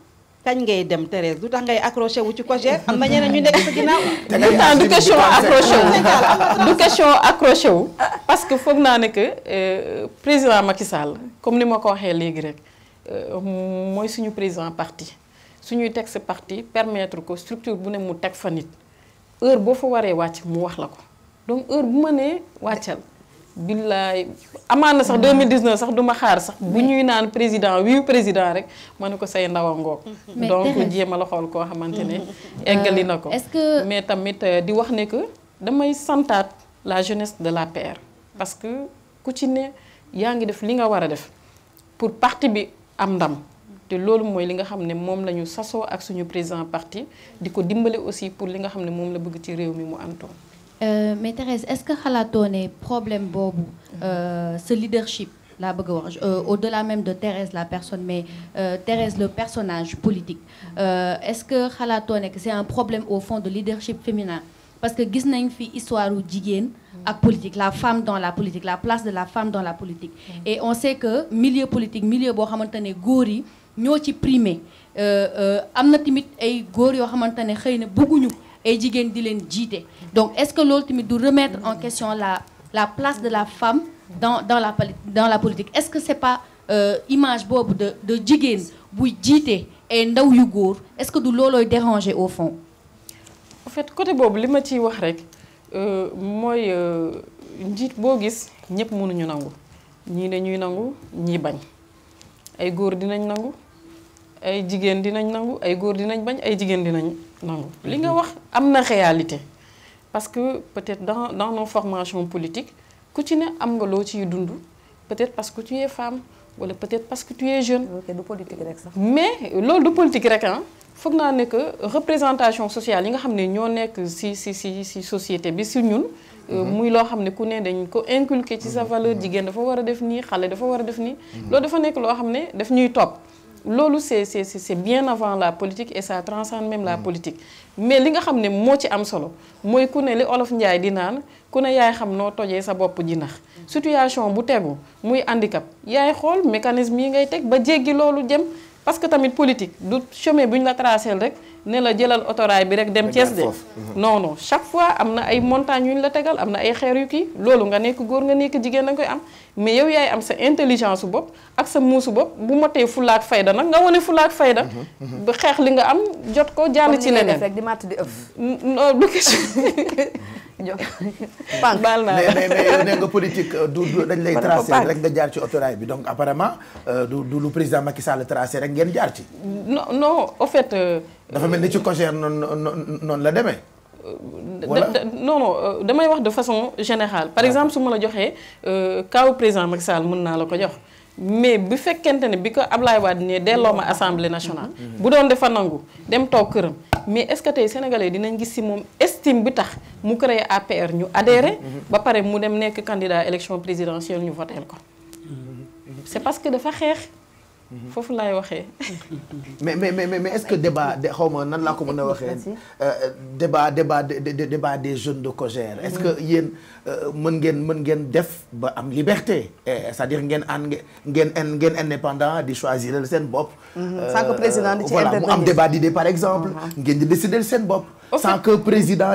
kañ ngay dem Thérèse lu tax ngay accroché wu ci Cojer am na ñeneen ñu nekk sa ginnaaw. pourtant du question accroché wu du question accroché wu. parce que foog naa ne que euh, président Macky Sall comme ni ma ko waxee léegi rek euh, mooy suñu président parti suñuy teg sa parti permettre ko structure bu ne mu teg fa nit heure boo fa waree wàcc mu wax la ko donc heure bu ma nee wàccal. billaay amaana sax 2019 sax duma xaar sax bu ñuy naan président wii président rek ma ne ko say a ngoog donc jéem a la xool koo xamante ne euh, eggali na ko mais tamit euh, di wax ne que damay santaat la jeunesse de la l'APR parce que ku ci ne yaa ngi def li nga war a def pour parti bi am ndam te loolu mooy li nga xam ne moom la ñu sasoo ak suñu président parti di ko dimbali aussi pour li nga xam ne moom la bëgg ci réew mi mu antoon Euh, mais Thérèse est-ce que xalaatoo ne problème boobu ce euh, leadership la bëgg a wax euh, au-delà même de Thérèse la personne mais euh, Thérèse le personnage politique euh, est-ce que xalaatoo ne c'est un problème au fond de leadership féminin parce que gis nañ fi histoire u jigéen ak politique la femme dans la politique la place de la femme dans la politique mm. et on sait que milieu politique milieu boo xamante ne góor yi ñoo ci primé am na tamit ay góor yoo xamante ne xëy na bëgguñu ay jigéen di leen jiite donc est-ce que loolu tamit du remettre en question la la place de la femme dans dans la dans la politique est-ce que c'est pas euh, image boobu de de jigéen buy jiite ay ndaw yu góor est-ce que du loolooy déranger au fond. en fait côté boobu li ma ciy wax rek euh, mooy euh, njiit boo gis ñëpp mënuñu nangu ñii dañuy nangu ñii bañ ay góor dinañ nangu ay jigéen dinañ nangu ay góor dinañ bañ ay jigéen dinañ. nangu li nga wax am na réalité parce que peut-être dans dans nos formation politique ku ci ne am nga loo ciy dund peut-être parce que tu es femme wala peut-être parce que tu es jeune. ok du rek sax. mais loolu du politique rek ah foog naa ne que représentation sociale yi nga xam ne ñoo nekk si ci si ci société bi ci ñun. Euh, mhm. muy loo xam ne ku nee dañ ko inculquer ci sa mhm. valeur mhm. jigéen dafa war a def nii xale dafa war a def nii. loolu dafa nekk loo xam ne daf ñuy topp. loolu c'est c'est c'est bien avant la politique et ça transcende même la mm. politique mais li nga xam ne moo ci am solo mooy ku ne li olof njaay di naan ku ne yaay xam noo tojee sa bopp ji nax situation bu tegu muy handicap yaay xool mécanisme yi ngay teg ba jéggi loolu jëm parce que tamit politique du chemin bu ñu la tracé rek ne la jëlal autorail bi rek dem Thiès de non non chaque fois am na ay montagnes yu la tegal am na ay xeer yu kii loolu nga nekk góor nga nekk jigéen danga koy am mais yow yaay am sa intelligence su bopp ak sa muusu bopp bu motee fulaak fayda nag nga wane fulaak fayda mhm, mhm. ba xeex li nga am jot ko jàll ci leneen di matt di ëff non du question pànk baal naa la mais mais nga politique euh, du dañ lay tracé rek nga jaar ci autorail bi donc apparemment euh, du du lu président Macky Sall rek ngeen jaar ci non non au fait euh, dafa mel ni ci COJER noonu noonu la demee. voilà non euh, damay wax de façon général par exemple su ma la joxee euh, kaw président Macky Sall mun naa la ko jox. mais bu fekkente ne bi ko Ablaye Wade ne delloo ma assemblée nationale. Mm-hmm. Mm-hmm. bu doon defa nangu dem toog këram. mais est-ce que tey sénégalais dinañ gis ci moom estime bi tax mu créé APR ñu adhéré. Mm-hmm. ba pare mu dem nekk candidat élection présidentielle ñu voté ko. c'est parce que dafa xeex. foofu laay waxee. mais mais mais mais est-ce que débat de xawma nan laa ko mën a waxee. Euh, euh, débat débat débat des jeunes de Cogère. est-ce que yéen. Euh, mën ngeen mën ngeen def ba am liberté c'est-à-dire ngeen an ngeen ngeen indépendant di choisir seen bopp. Mhm. Euh, sans que président di ci intervenir voilà mu am débat d'idées par exemple. Mhm. ngeen di décider seen bopp. sans que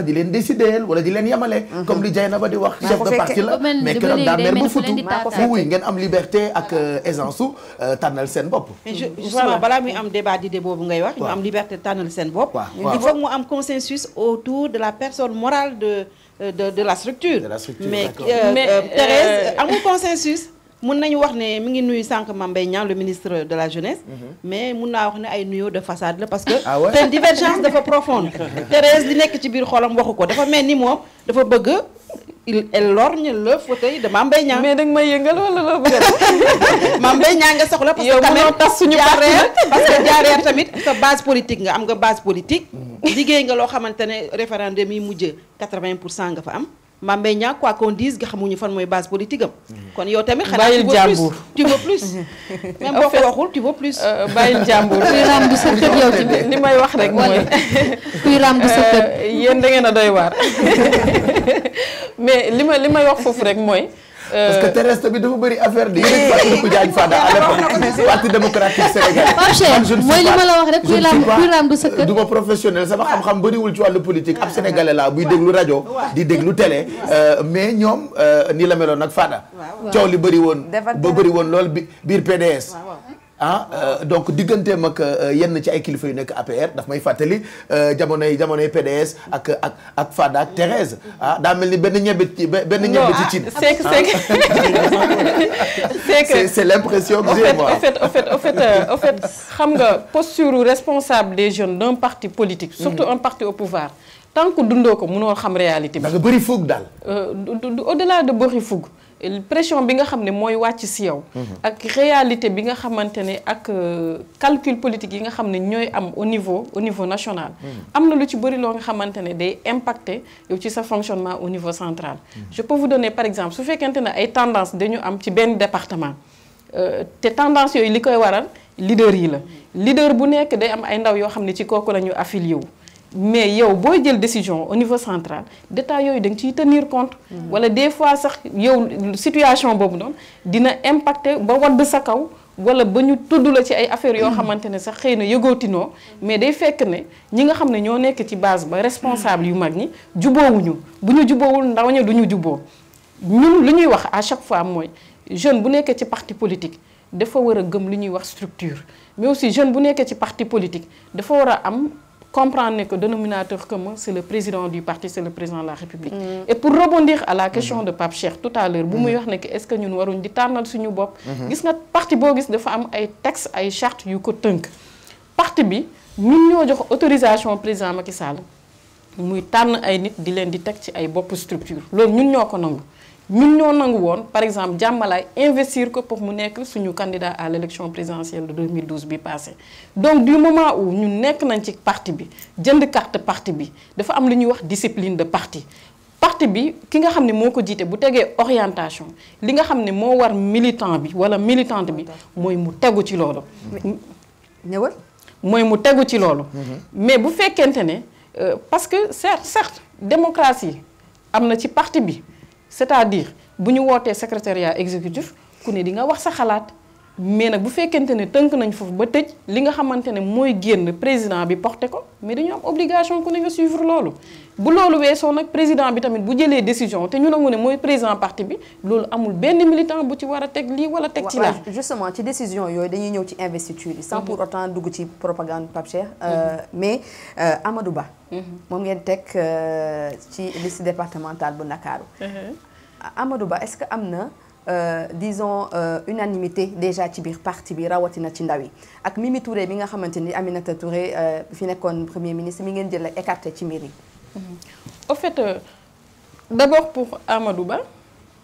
di leen décider wala di mhm. de parti la mais que nag daa mer ba futu ah, oui ngeen liberté ak euh, aisance su tànnal seen bopp. mais je voilà balaa am liberté tànnal seen bopp. il faut mu am consensus autour de la personne morale de. Euh, de la structure. de la mais euh, mais euh, Thérèse amul consensus. mun nañu wax ne mi ngi nuyu sànq ma Mbaye Niang le ministre de la jeunesse. Mhm. mais mun naa wax ne ay nuyo de façade la parce que. Ah seen divergence dafa profonde. Thérèse li nekk ci biir xolam waxu ko dafa mel ni moom dafa bëgg. il elle lorgne le fauteuil de Mame Mbaye Niang. mais danga may yëngal wala loo bëgg a def. Mame Mbaye Niang nga soxla. parce que quand même jaareer tamit sa base politique nga am nga base politique. Mm. liggéey nga loo xamante ne référendum yi mujj 80 pour cent nga fa am. Mame Mbaye Niang quoi qu'on dise nga xamuñu fan mooy base politique am. Mm-hmm. kon yow tamit xanaa bàyyil jàmbur tu vaux plus même boo ko waxul tu vaux plus. Euh, bàyyil jàmbur kuy raam du yow tamit li may wax rek mooy. kuy raam du sa kër. Euh, yéen da ngeen a doy waar mais li ma li may wax foofu rek mooy. parce que euh, terrestre bi dafa bëri affaire di yéen a ngi Diagne Fada à l'époque parti démocratique sénégalais. mooy li ma la wax rek kuy raam du sëkk. du professionnel sama xam-xam bariwul ci wàllu politique ab sénégalais laa buy déglu rajo di déglu télé euh, mais ñoom euh, ni la meloon nag Fada. coow li bëri woon ba bëri woon lool biir PDS. ah euh, donc digganteem ak euh, yenn ci ay kilifa yu nekk APR daf may fàttali euh, jamonoy jamonoy PDS ak ak ak Fada ak Thérèse ah daa mel ni benn ñebe ci benn ñebe ci cin. Ah, c'est que c'est que ah. c'est l'impression que j'ai moi. au fait au xam nga posture responsable des jeunes d'un parti politique. Mm-hmm. surtout un parti au pouvoir tant dundoo ko mënoo xam réalité bi. da bëri fougue daal. au delà de bëri fougue. pression bi nga xam ne mooy wàcc si yow. Mhm. ak réalité bi nga xamante ne ak euh, calcul politique yi nga xam ne ñooy am au niveau au niveau national. Mhm. am na lu ci bëri loo nga xamante ne day impacter yow ci sa fonctionnement au niveau central. Mhm. je peux vous donner par exemple su fekkente ne ay tendance dañu am ci benn département euh, te tendance yooyu li koy waral leader yi la leader bu nekk day am ay ndaw yoo xam ne ci kooku la ñu affilié wu. mais yow boo jël décision au niveau central détails yooyu da nga ciy tenir compte. Mm-hmm. wala des fois sax yow situation boobu noonu dina impacter ba wadd sa kaw wala ba ñu tudd la ci ay affaires yoo xamante ne sax xëy na yëgootinoo mais day fekk ne ñi nga xam ne ñoo nekk ci base ba responsable yu mag ñi juboowuñu bu ñu juboowul ndaw ña du ñu juboo ñun lu ñuy wax à chaque fois mooy jeune bu nekkee ci parti politique. dafa war a gëm li ñuy wax structure mais aussi jeune bu nekkee ci parti politique dafa war a am comprendre ne que dénominateur commun c'est le président du parti c'est le président de la République. Mm. et pour rebondir à la question mm. de Pape Cheikh tout à l'heure bu muy mm. wax ne que est-ce que ñun waruñ di tànnal suñu bopp. Mm-hmm. gis nga parti boo gis dafa am ay textes ay chartes yu ko tënk. parti bi ñun ñoo jox autorisation président Macky Sall muy tànn ay nit di leen di teg ci ay bopp structure loolu ñun ñoo ko nangu. ñun ñoo nangu woon par exemple jàmmalaay investir ko pour mu nekk suñu candidat à l' élection présidentielle de 2012 bi passé donc du moment où ñun nekk nañ ci parti bi jënd carte parti bi dafa am lu ñuy wax discipline de parti. parti bi ki nga xam ne moo ko jiite bu tegee orientation li nga xam ne moo war militant bi walla militante bi mooy mu tegu ci loolu. mooy mu tegu ci loolu. Mm-hmm. mais bu fekkente ne euh, parce que certes certes démocratie am na ci parti bi. c'est-à-dire bu ñu wootee secrétariat exécutif ku ne di nga wax sa xalaat mais nag bu fekkente ne tënk nañ foofu ba tëj li nga xamante ne mooy génn président bi porté ko mais dañu am obligation ku ne nga suivre loolu bu loolu weesoo nag président bi tamit bu jëlee décision te ñu nangu ne mooy président parti bi loolu amul benn militant bu ci war a teg lii wala teg ci laa justement ci décision yooyu dañuy ñëw ci investiture yi sans mhm. dugg ci propagande Pape euh, mhm. mais euh, Amadou Ba mhm. moom ngeen teg euh, ci liste départementale bu Ndakaaru Amadou Ba est-ce que am na Euh, disons euh, unanimité déjà ci biir parti bi rawatina ci ndaw yi ak Mimi Touré bi nga xamante ni Aminata Touré fi nekkoon premier ministre mi ngeen jël écarté ci mbir yi au fait euh, d'abord pour Amadou Ba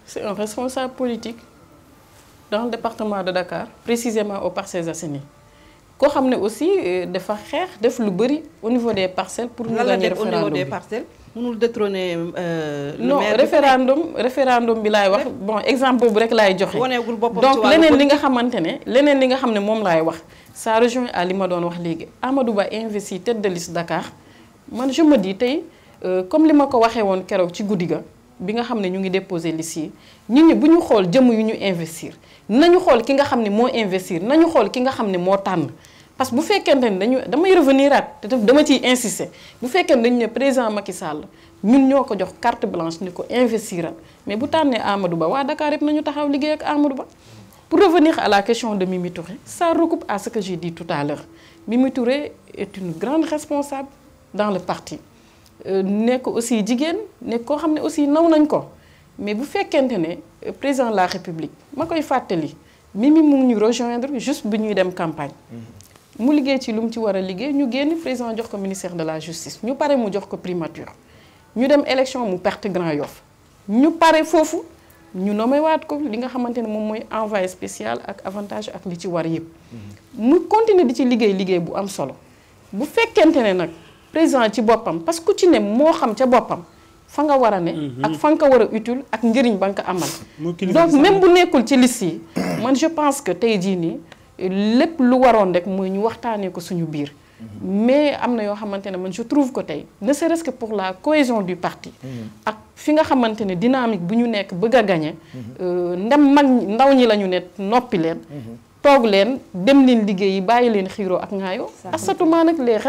c'est un responsable politique dans le département de Dakar précisément aux Parcelles Assainies ko xam ne aussi euh, dafa xeex def lu bëri au niveau des parcelles pour ñu gagner référendum au niveau des parcelles mënul détrôner euh, non référendum référendum bi laay wax bon exemple boobu rek laay joxe donc leneen li nga xamante ne leneen li nga xam ne moom laay wax sa rejoint à li ma doon wax léegi Amadou Ba investi tête de liste Dakar man je tey Euh, comme li ma ko waxee woon keroog ci guddi ga bi nga xam ne ñu ngi déposé liste ñu ñun bu ñu xool jëmm yu ñu investir nañu xool ki nga xam ne moo investir nañu xool ki nga xam ne moo tànn parce que bu fekkente ni dañu damay revenir at te dama ciy insister bu fekkee dañu ne président Macky Sall ñun ñoo ko jox carte blanche ni ko investiral mais bu tànnee Amadou Ba waa Dakar na ñu taxaw liggéey ak Amadou Ba pour revenir à la question de Mimi Touré à ce tout à l'heure Mimi Touré est une grande le parti Euh, nekk aussi jigéen nekk koo xam ne aussi naw nañ ko mais bu fekkente ne euh, président la république ma koy fàttali Mimi mu ngi ñu rejoindre juste bi ñuy dem campagne. Mm-hmm. mu liggéey ci lu mu ci war a liggéey ñu génn président jox ko ministère de la justice ñu pare mu jox ko primature. ñu dem élection mu perte Grand Yoff ñu pare foofu ñu nommé waat ko li nga xamante ne moom mooy envoyé spécial ak avantage ak li ci war yëpp. Mm-hmm. mu continuer di ci liggéey liggéey bu am solo bu fekkente ne nag. président ci boppam parce que ci ne moo xam ca boppam fa nga war a ne. Mhm. ak fa nga ko war a utile ak njëriñ ba nga ko amal. donc même bu nekkul ci liste yi. man je pense que tey jii nii lépp lu waroon rek mooy ñu waxtaanee ko suñu biir. Mhm. mais am na yoo xamante ne man je trouve ko tey ne serait resque pour la cohésion du parti. Mhm. ak fi nga xamante ne dynamique bu ñu nekk bëgg a gagné. Euh, ndem mag ndaw ñi lañu ñu ne noppi leen. toog leen dem leen liggéeyi bàyyi leen xiiroo ak ngaayoo. asatuma nag les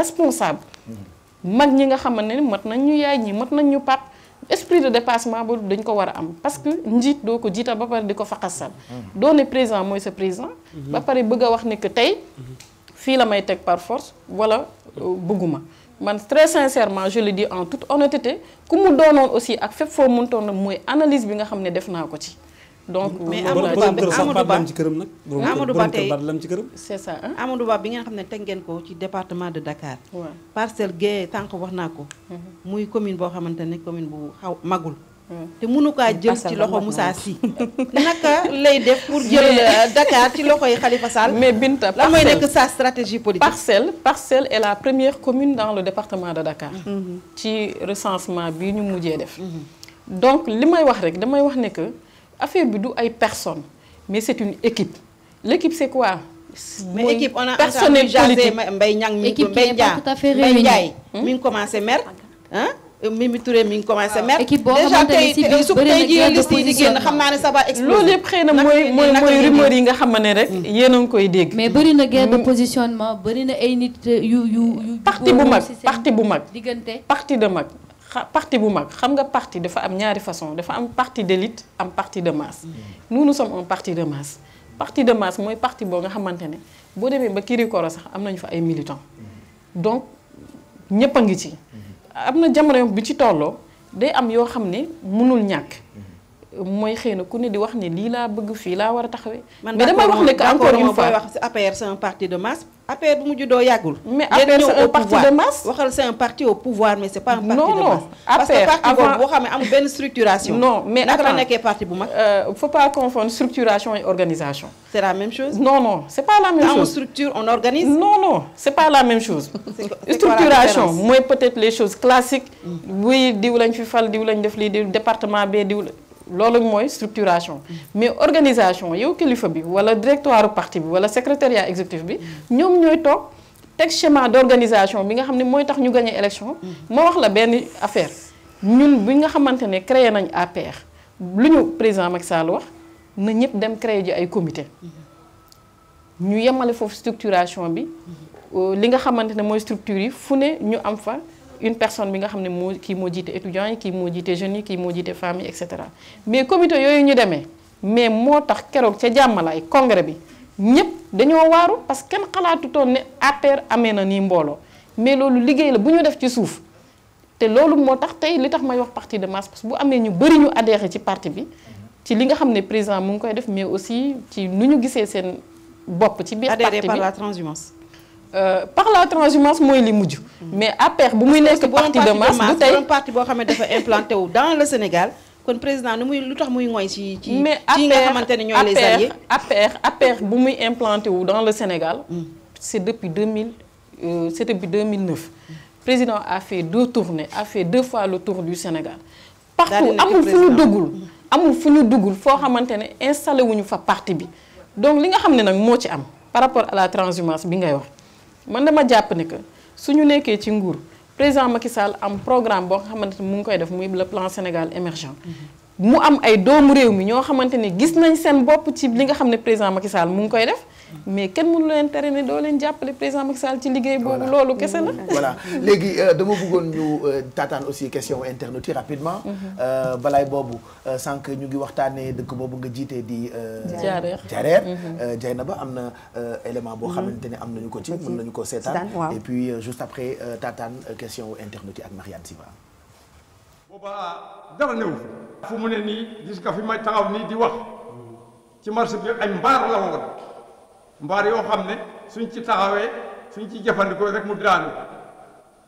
mag ñi nga xamante ne mat nañ ñu yaay ñi mat nañ ñu pap esprit de dépassement boobu dañ ko war a am parce que njiit doo ko jiital ba pare di ko faxasal doo ne président mooy sa président mhm. ba pare bëgg a wax ne que tey mhm. fii la may teg par force wala euh, bëgguma man très sincèrement je le dis en toute honnêteté ku mu doonoon aussi ak fépp foo mëntoon mooy analyse bi nga xam ne def naa ko ci donc mais Amadou Ba ci këram nag Amadou Ba tey lam ci këram c'est ça Amadou Ba bi nga xam ne teg ngeen ko ci département de Dakar parcelle Guèye tànk wax naa ko muy commune boo xamante ne commune bu xaw magul te mënu kaa jël ci loxo Moussa Sy naka lay def pour jël Dakar ci loxo yi Khalifa Sall mais Binta la mooy nekk sa stratégie politique parcelle parcelle est la première commune dans le département de Dakar ci recensement bi ñu mujjee def donc li may wax rek damay wax ne que affaire bi du ay personne mais c'est une équipe l'équipe c'est quoi. mais équipe on a personnel politique Mbaye Niang mi Mbaye Ndiaye hmm? mi ngi commencé maire ah Mimi Touré mi ngi commencé maire. équipe boo xamante ne si biir bëri na liste yi di naa ne ça va exploser. loolu yëpp xëy na mooy mooy mooy rumeur yi nga xam ne rek hmm. yéen a koy dégg. mais bëri na guerre de hmm. positionnement bëri na ay nit euh, yu yu yu. parti bu mag parti bu mag diggante parti de mag. parti bu mag xam nga parti dafa am ñaari façon dafa am parti d'élite am parti de masse. Mm. nous nous sommes un parti de masse. parti de masse mooy parti boo nga xamante ne boo demee ba Kirikoro sax am nañu fa ay militants mm. donc ñëpp a ngi ci. Mm. am na jamono bi ci tolloo day am yoo xam ne mënul ñàkk. mooy xëy na ku ne di wax ni lii laa bëgg fii laa war a taxawee. man mais damay wax ne que encore une fois wax si APR un parti de masse. APR bu mu juddoo yàggul. mais APR c'est un parti de masse waxal c'est un parti au pouvoir mais c'est pas boo xam ne amul benn structuration. no mais naka la nekkee parti bu mag. Euh, faut pas confondre structuration et organisation. c'est la même chose. non non c'est pas la même chose. structure on organise. non non c'est pas la même chose. structuration mooy peut-être les choses classiques. buy mm. diw lañ fi fal diw département bee diw loolu mooy structuration mais organisation yow kilifa bi wala directoire parti bi wala secrétariat exécutif bi ñoom ñooy toog teg schéma d'organisation bi nga xam ne mooy tax ñu gagné élection moo wax la benn affaire ñun bi nga xamante ne créé nañ APR lu ñu président Macky Sall wax na ñëpp dem créé ji ay comité ñu yemale foofu structuration bi euh, li nga xamante ne mooy structure yi fu ne ñu am fa une personne bi nga xam ne moo kii moo jiite étudiants yi kii moo jiite jeunes yi kii moo jiite femmes yi mais comité yooyu ñu demee mais moo tax keroog ca ay congrès bi ñëpp dañoo waaru parce que xalaatu ton ne APR amee na nii mbooloo mais loolu liggéey la bu ñu def ci suuf te loolu moo tax tey li tax may wax parti de masse parce que bu amee ñu bëri ñu adhéré ci parti bi ci li nga xam ne président mu ngi koy def mais aussi ci nu ñu gisee seen bopp ci biir parti bi adhéré par la transhumance Euh, par la transhumance mooy li mujj. mais APR bu muy nekk parti de masse bu tey boo xam ne dafa implanté wu dans le Sénégal kon président lu tax muy ngoy ci ci ci nga xamante ne ñooy les alliés bu muy implanté wu dans le Sénégal. Mm. c' est depuis 2000 c' est depuis 2009 mm. président a fait deux tournées a fait deux fois le tour du Sénégal. partout amul fu ñu duggul mm. amul fu ñu duggul foo xamante ne installé wuñu fa parti bi donc li nga xam ne nag moo ci am par rapport à la transhumance bi ngay wax. man dama jàpp ne que suñu nekkee ci nguur président Macky am programme boo xamante ni mu ngi koy def muy le plan Sénégal émergent mm-hmm. mu am ay doomu réew mi ñoo xamante ni gis nañ seen bopp ci li nga xam ne président Macky mu ngi koy def mais kenn mënu leen tere ne doo leen jàppale président Macky Sall ci liggéey boobu loolu kese la voilà léegi euh, dama bëggoon ñu euh, taataan aussi question internautes yi rapidement mhm. euh, balaay boobu sànq ñu ngi waxtaanee dëkk boobu nga jiitee di jaareer jaareer mhm. Dieynaba am na élément boo mhm. xamante ne am nañu ko ci mun nañu ko seetaan et puis juste après taataan question internautes yi ak Marianne Siva boobaa dara néew fu mu ne nii gis nga fi may taxaw nii di wax ci mar bi ay mbaar mbaar yoo xam ne suñ ci taxawee suñ ci jëfandikoo rek mu daanu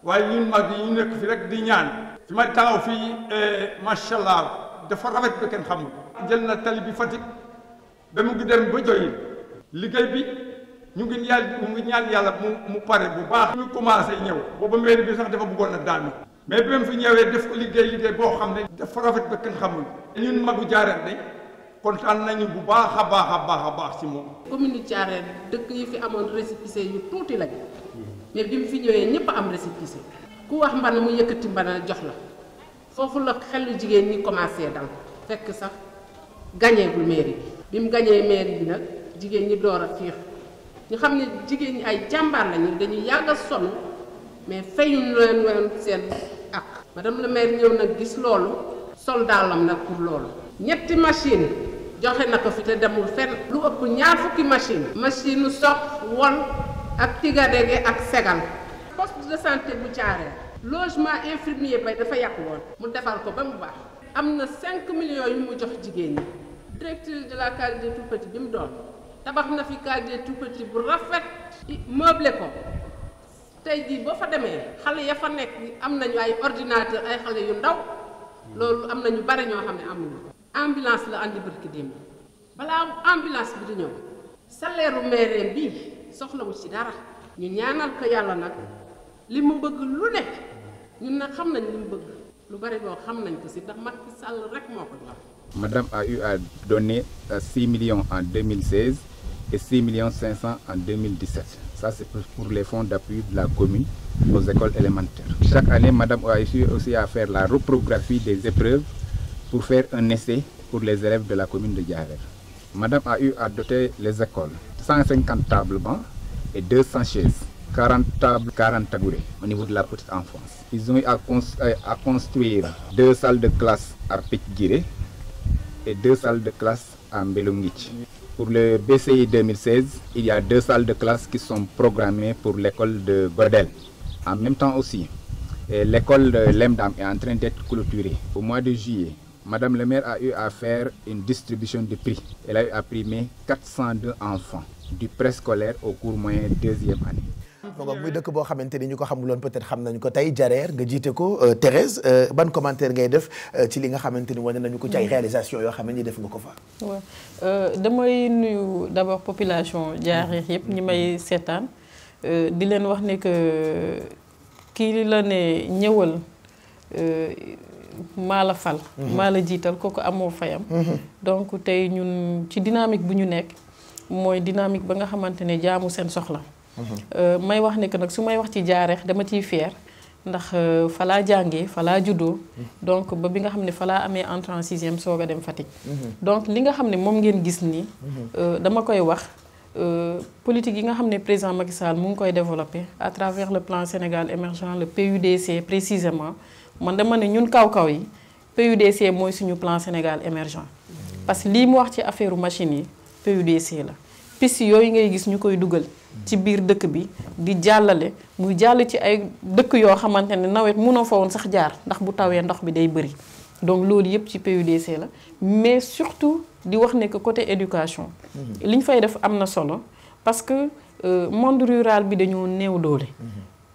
waaye ñun mag yi ñu nekk fi rek di ñaan fi ma taxaw fii eh, macha allah dafa rafet ba kenn xamul jël na tali bi Fatick ba mu dem ba joyin liggéey bi ñu ngi yàlla ñu ngi ñaan yàlla mu mu pare bu baax ñu commencé ñëw booba mairie bi sax dafa bëggoon a daanu mais bi fi ñëwee def ko liggéey liggéey boo xam ne dafa rafet ba kenn xamul ñun magu jaareen de kontaan nañu bu baax a baax a baax a moom. commune Thiaré dëkk yi fi amoon récépissé yu tuuti lañu mais bi mu fi ñëwee ñëpp am récépissé ku wax mban mu yëkkati mban jox la foofu la xelu jigéen ñi commencé dal fekk sax gagné bu mairie bi mu gañee mairie bi nag jigéen ñi door a fiix ñu xam ne jigéen ñi ay jàmbaar lañu dañuy yàgg a sonn mais fayuñu leen woon seen ak madame le maire ñëw nag gis loolu soldaalam nag pour loolu ñetti machine joxe na ko fi te demul fenn lu ëpp ñaar fukki machine machine soq wol ak tigadege ak segal poste de santé bu Thiaré logement infirmier bay dafa yàqu woon mu defar ko ba mu baax am na cinq millions yu mu jox jigéen ñi directure de la case des tout bi mu doon tabax na fi case des tout-petits bu rafet meublé ko tey jii boo fa demee xale ya fa nekk am nañu ay ordinateur ay xale yu ndaw loolu am na ñu bari ñoo xam ne amuñu ambulance la andi barki démb balaa ambulance bi di ñëw salaire u maire bii ci dara ñu ñaanal ko yàlla nag li mu bëgg lu nekk ñun nag xam nañ li mu bëgg lu bari loo xam nañ ko ci ndax Macky Sall rek moo ko jox. madame a eu à donner euh, 6 millions en 2016 et 6 millions 500 en 2017 ça c'est pour les fonds d'appui la commune aux écoles élémentaires chaque année madame a eu aussi à faire la reprographie des épreuves pour faire un essai pour les élèves de la commune de Diarère. Madame a eu à doter les écoles 150 tables bancs et 200 chaises, 40 tables, 40 tabourets au niveau de la petite enfance. Ils ont eu à, euh, construire salles de classe à Pitguiré et deux salles de classe à Mbelungitch. Pour le BCI 2016, il y a deux salles de classe qui sont programmées pour l'école de Bordel. En même temps aussi, euh, l'école de Lemdam est en train d'être clôturée au mois de juillet. Madame le maire a eu à faire une distribution de prix. Elle a eu enfants du préscolaire au cours moyen deuxième année. donc muy dëkk boo xamante ni ñu ko xamuloon peut-être xam nañu ko tey Jareer nga jiite ko euh, Thérèse euh, ban commentaire ngay def euh, ci li nga xamante ni wane nañu ko ci ay réalisation yoo xam ne def nga ko fa. waaw damay nuyu d'abord population Jareer yëpp ñi may seetaan di leen wax ne que kii la ne ñëwal. maa la fal. Mhm. maa la jiital kooku amoo fayam. Mhm. donc tey ñun ci dynamique bu ñu nekk mooy dynamique ba nga xamante ne jaamu seen soxla. Mhm. Euh, may wax ne que nag su may wax ci jaareex dama ciy fier ndax euh, falaa jàngee falaa juddoo. donc ba bi nga xam ne falaa amee entrée en sixième soog a dem Fatick. donc li nga xam ne moom ngeen gis nii. Euh, dama koy wax. politique yi nga xam ne président Macky Sall mu ngi koy développé à le plan Sénégal émergent le PUDC précisément. man dama ne ñun kaw-kaw yi PUDC mooy suñu plan Sénégal émergent parce que lii mu wax ci affaire machine yi PUDC la piste yooyu ngay gis ñu koy dugal ci biir dëkk bi di jàllale muy jàll ci ay dëkk yoo xamante ne nawet mënoo fa woon sax jaar ndax bu tawee ndox bi day bëri donc loolu yëpp ci PUDC la mais surtout di wax ne que côté éducation mhm. li ñu fay def am na solo parce que euh, monde rural bi dañoo néew doole mhm.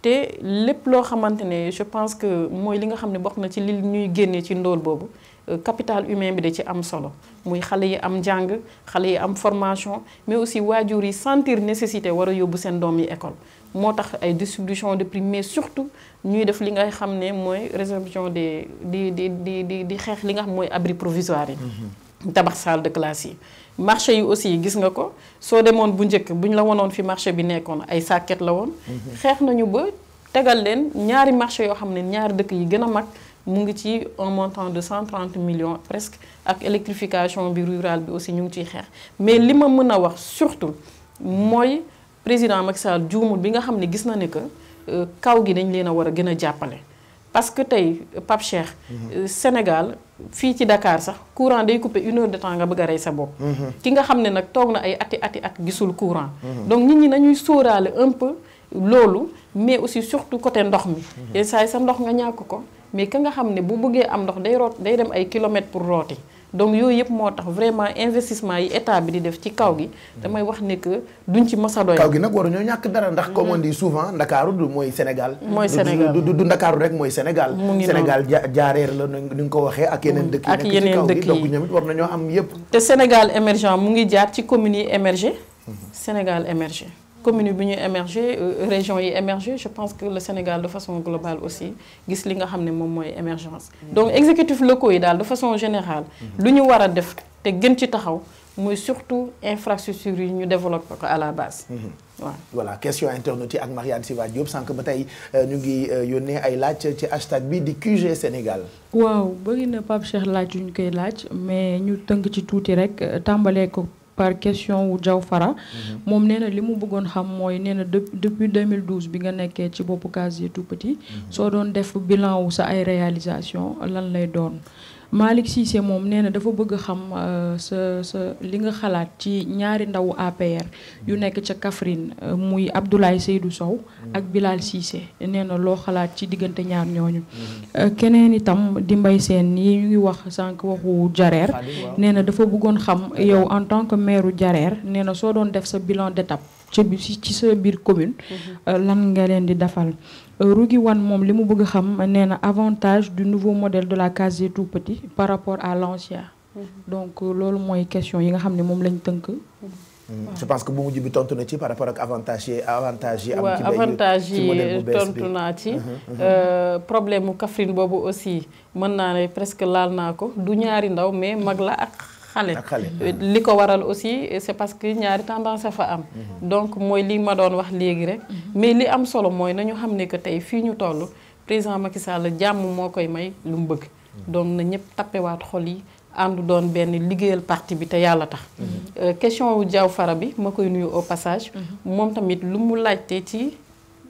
te lépp loo xamante ne je pense que mooy li nga xam ne bokk na ci li ñuy génnee ci ndóol boobu euh, capital humain bi da ci am solo muy xale yi am jàng xale yi am formation mais aussi waajur yi sentir nécessité wara yóbbu seen doom yi école moo tax ay distribution de prix mais surtout ñuy def li nga xam ne mooy résorption des di di di di di xeex li nga xam mooy abri provisoire yi mm-hmm. tabax salle de classe yi marché yi aussi gis nga ko soo demoon bu njëkk buñ la wonoon fi marché bi nekkoon ay sàkket la woon mhm. xeex nañu ba tegal leen ñaari marché yoo xam ne ñaari dëkk yi gën a mag mu ngi ci un montant de 130 millions presque ak électrification bi rural bi aussi ñu ngi ciy xeex mais li ma mën a wax surtout mooy président mag Sall juumul bi nga xam ne gis na ne que euh, kaw gi dañ leen a war a gën a jàppale parce que tey Pape Cheikh mhm. euh, Sénégal fii ci Dakar sax courant day coupé une heure de temps nga bëgg rey sa bopp. Mhm. ki nga xam ne nag toog na ay ati ati at gisul courant. Mhm. donc nit ñi nañuy sóoraale un peu loolu mais aussi surtout côté ndox mi. Mhm. yenn saa sa ndox nga ñàkk ko mais ka nga xam ne bu bëggee am ndox day root day dem ay kilomètres pour rooti. donc yooyu yëpp moo tax vraiment investissement yi état bi di def ci kaw gi mm. damay wax ne que duñ ci mës a doy kaw gi nag ñoo ñàkk dara ndax mm. comme on souvent ndakaaru du mooy Sénégal mooy Sénégal du ndakaaru rek mooy Sénégal Sénégal jaareer la ni nga ko waxee ak yeneen mm. dëkk yi nekk ci kaw gi donc ñoom it war nañoo am yëpp te Sénégal émergent mu ngi jaar ci commune yi émergé mm-hmm. Sénégal émergé commune bi ñu émergé euh, région yi émergé je pense que le Sénégal de façon globale aussi gis li nga xam ne moom mooy émergence donc exécutif locaux yi daal de façon générale mhm. lu ñu war a def te gën ci taxaw mooy surtout infrastructure yi ñu développé ko à la base waaw mhm. voilà question internaute yi ak si Siva Diop sànq ba tey euh, ñu ngi euh, yónnee ay laaj ci hashtag bi di QG Sénégal. waaw bëri na Pape Cheikh laaj yu ñu koy laaj mais ñu tënk ci tuuti rek tàmbalee ko. par question wu Diaw Fara mhm. moom nee na li mu bëggoon xam mooy nee na depuis 2012 bi nga nekkee ci boppu casier tout petit mhm. soo doon def bilan wu sa ay réalisation lan lay doon Malick Cissé moom nee na dafa bëgg xam euh, sa sa li nga xalaat ci ñaari ndawu APR yu nekk ca Kaffrine euh, muy Abdoulaye Seydou Sow ak Bilal Cissé nee na loo xalaat ci diggante ñaar ñooñu. Euh, keneen itam di mbay seen yi ñu ngi wax sànq waxu Jareer nee na dafa bëggoon xam yow en tant que maire Jareer nee na soo doon def sa bilan d'étape ci ci sa biir commune. Mhm. lan nga leen di defal. Rougui Wane moom li mu bëgg xam nee na avantage du nouveau modèle de la case des tout-petits par rapport à l'ancien mhm. donc euh, loolu mooy question yi nga xam ne moom lañ tënk mhm. je pense que bu mujj bi tontu na ci par rapport ak avantage yi avantage yi ci avantage tontu naa ci mhm, euh, problème mu Kaffrine boobu aussi mën naa ne presque laal naa ko du ñaari ndaw mais mag la ak xale euh, li ko waral aussi euh, c'est parce que ñaari tendance fa am mhm. donc mooy li ma doon wax léegi rek mhm. mais li am solo mooy nañu xam ne que tey fii ñu toll président Macky Sall jàmm moo koy may lu mu bëgg mhm. donc na ñëpp tappewaat xol yi ànd doon benn liggéeyal parti bi te yàlla tax euh, question wu Diaw Fara bi ma koy nuyu au passage moom tamit lu mu laajte ci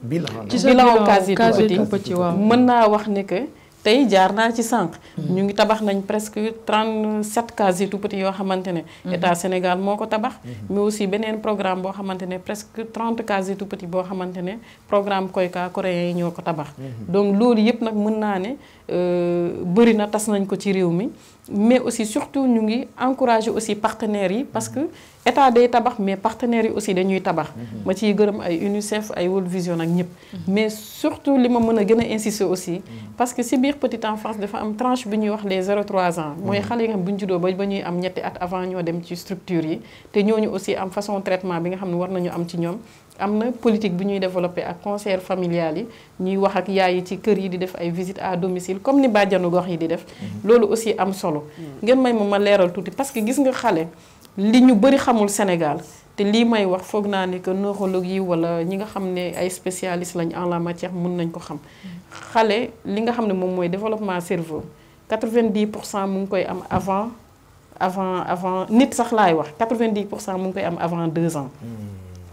bilan bilan Case du Petit mën naa wax ne que tey jaar naa ci sànq. Hmm. ñu ngi tabax nañ presque 37 cases yi tout yoo xamante ne. Hmm. état Sénégal moo ko tabax. Hmm. mais aussi beneen programme boo xamante ne presque 30 cases yi tout petit boo xamante ne programme Koyka coréen yi ñoo ko tabax. donc loolu yëpp nag mën naa ne euh, bëri na tas nañ ko ci réew mi. mais aussi surtout ñu ngi encourager aussi partenaires yi parce que état day tabax mais partenaires yi aussi dañuy tabax. Mhm. ma ciy gërëm ay UNICEF ay World Vision ak ñëpp. mais surtout li ma mën a gën a insister aussi. Mhm. parce que si biir petite enfance dafa am tranche bi ñuy wax les 0-3 ans. mooy mhm. xale yi nga xam bu ba ba ñuy am ñetti at avant ñoo dem ci structure yi te ñooñu aussi am façon traitement bi nga xam ne war nañu am ci ñoom. am na politique bu ñuy développé ak conseil familial yi ñuy wax ak yaay yi ci kër yi di def ay visite à domicile comme ni bàjjanu gox yi di def. Mhm. loolu aussi am solo. Mhm. ngeen may ma ma leeral tuuti parce que gis nga xale li ñu bëri xamul Sénégal te lii may wax foog naa ne que neurologue yi wala ñi nga xam ne ay spécialiste lañ en la matière mun nañ ko xam. Mhm. xale li nga xam ne moom mooy développement cerveau 90 pour cent mu ngi koy am avant avant avant nit sax laay wax 90 pour cent mu ngi koy am avant 2 ans.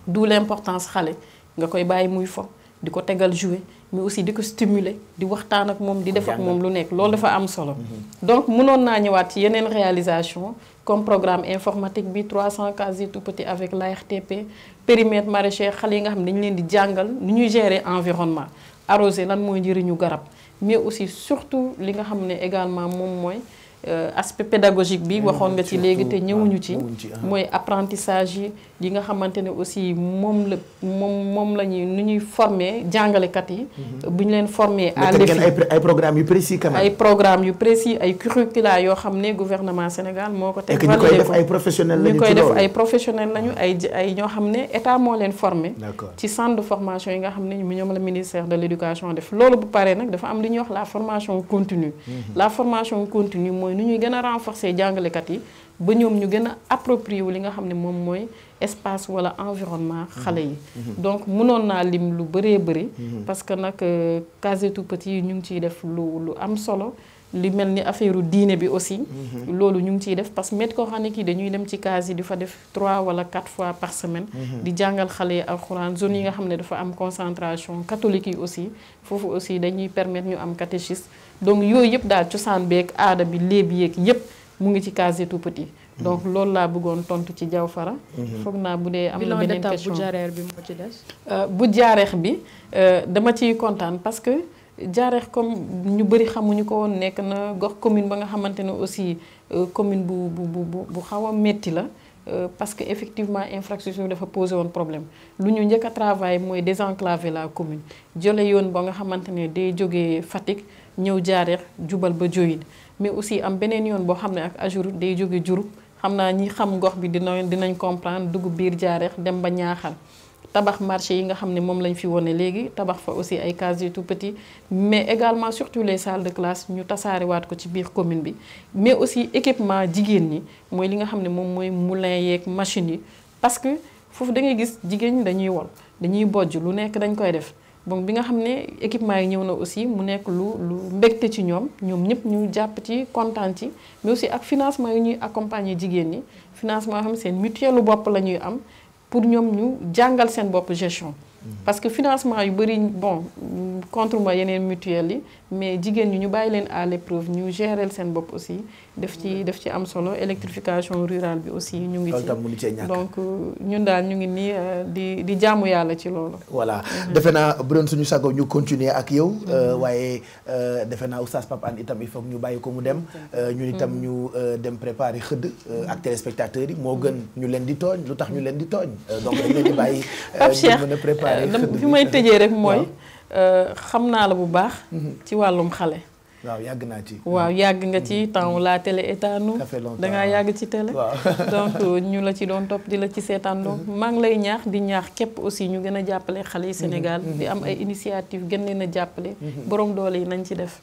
d'où importance xale nga koy bàyyi muy fo di ko tegal jouer mais aussi di ko stimuler di waxtaan ak moom di def ak moom lu nekk loolu dafa am solo. Mhm. donc mënoon naa ñëwaat ci yeneen réalisation comme programme informatique bi trois 300 casiers tout petit avec l'ARTP périmètre maraîcher xale yi nga xam ne dañu leen di jàngal nu ñuy gérer environnement arroser lan mooy njëriñu garab mais aussi surtout li nga xam ne également moom mooy. Euh, aspect pédagogique bi mm, waxoon nga ci léegi te ñëwuñu ci ah. mooy apprentissage yi yi nga xamante ne aussi moom la moom moom la ñuy nu ñuy former jàngalekat yi mm-hmm. bu ñu leen former à l'EFI ay programmes yu précis quand ay programmes yu précis ay curricula yoo xam ne gouvernement Sénégal moo ko teg ñu koy def ay professionnels lañu ñu koy def ay professionnels lañu ay ay ñoo xam ne état moo leen former ci centre formation yi nga xam ne ñu mu ñoom la ministère de l'éducation def loolu bu pare nag dafa am li ñuy wax la formation continue mm-hmm. mooy nu ñuy gën a renforcer jàngalekat yi ba ñoom ñu gën a approprier wu li nga xam ne moom mooy espace walla environnement xale yi mm-hmm. Mm-hmm. donc mënoon naa lim lu bëree bëri mm-hmm. parce que nag euh, Case des Tout-Petits yi ñu ngi ciy def lu lu am solo li mel ni affaire diine bi aussi. Mhm. loolu ñu ngi ciy def parce que maître coranique yi dañuy dem ci case yi di fa def trois wala quatre fois par semaine. Mhm. di jàngal xale yi alxuraan zone yi nga xam ne dafa am concentration catholique yi aussi foofu aussi dañuy permettre ñu am catéchisme donc yooyu yëpp daal cosaan beeg aada bi léeb yéeg yëpp mu ngi ci case tout petit. Mhm. donc loolu laa bëggoon tontu ci jaw fara foog naa bu dee am na beneen question bu jaareex bi moo ci des. Euh, bu jaareex bi euh, dama ciy kontaan parce que. jaareex comme ñu bëri xamuñu ko woon nekk na gox commune ba nga xamante ne aussi euh, commune bu bu bu bu xaw a metti la euh, parce que effectivement infrastructure dafa posé woon problème lu ñu njëkk a travail mooy désenclaver la commune jole yoon ba nga xamante ne day jógee Fatick ñëw jaareex jubal ba Diohine mais aussi am beneen yoon boo xam ne ak Ageroute day jóge Diouroup xam naa ñi xam gox bi dina dinañ comprendre dugub biir jaareex dem ba Niakhar tabax marché yi nga xam ne moom lañ fi wone léegi tabax fa aussi ay cases yu tout petit mais également surtout les salle de classe ñu waat ko ci biir commune bi mais aussi équipement jigéen ñi mooy li nga xam ne moom mooy moulin yeeg machines yi parce que foofu da ngay gis jigéen ñi dañuy wol dañuy bojj lu nekk dañ koy def bon bi nga xam ne équipement yi ñëw na aussi mu nekk lu lu mbégte ci ñoom ñoom ñëpp ñu jàpp ci kontaan ci mais aussi ak financement yi ñuy accompagner jigéen ñi financement yoo xam seen mutuelle lu bopp la ñuy am pour ñoom ñu jàngal seen bopp gestion parce que financement yu bëri bon contre ma yeneen mutuelle yi mais jigéen ñi ñu bàyyi leen à l'épreuve ñu gérer seen bopp aussi def ci daf ci am solo électrification rurale bi aussi ñu ngi ci donc euh, ñun daal ñu ngi nii euh, di di jaamu yàlla ci loolu voilà mhm. defe naa bu doon suñu sago ñu continuer ak yow mhm. euh, waaye defe naa oustaz Pape itam il faut ñu bàyyi ko mu dem ñun itam mhm. ñu dem préparer xëdd ak téléspectateurs yi moo gën ñu leen di tooñ lu tax ñu leen di tooñ donc dañ leen di bàyyi ñu mën a may tëjee rek mooy Euh, xam naa la bu baax. Mm-hmm. ci wàllum xale. waaw yàgg naa ci. waaw yàgg nga ci mm-hmm. temps la télé état nous. da ngaa yàgg ci télé. donc ñu la ci doon topp di la ci seetaan donc mm-hmm. maa lay ñaax di ñaax képp aussi ñu gën a jàppale xale yi mm-hmm. Sénégal. di am ay initiative gën leen a jàppale. borom doole yi nañ ci def.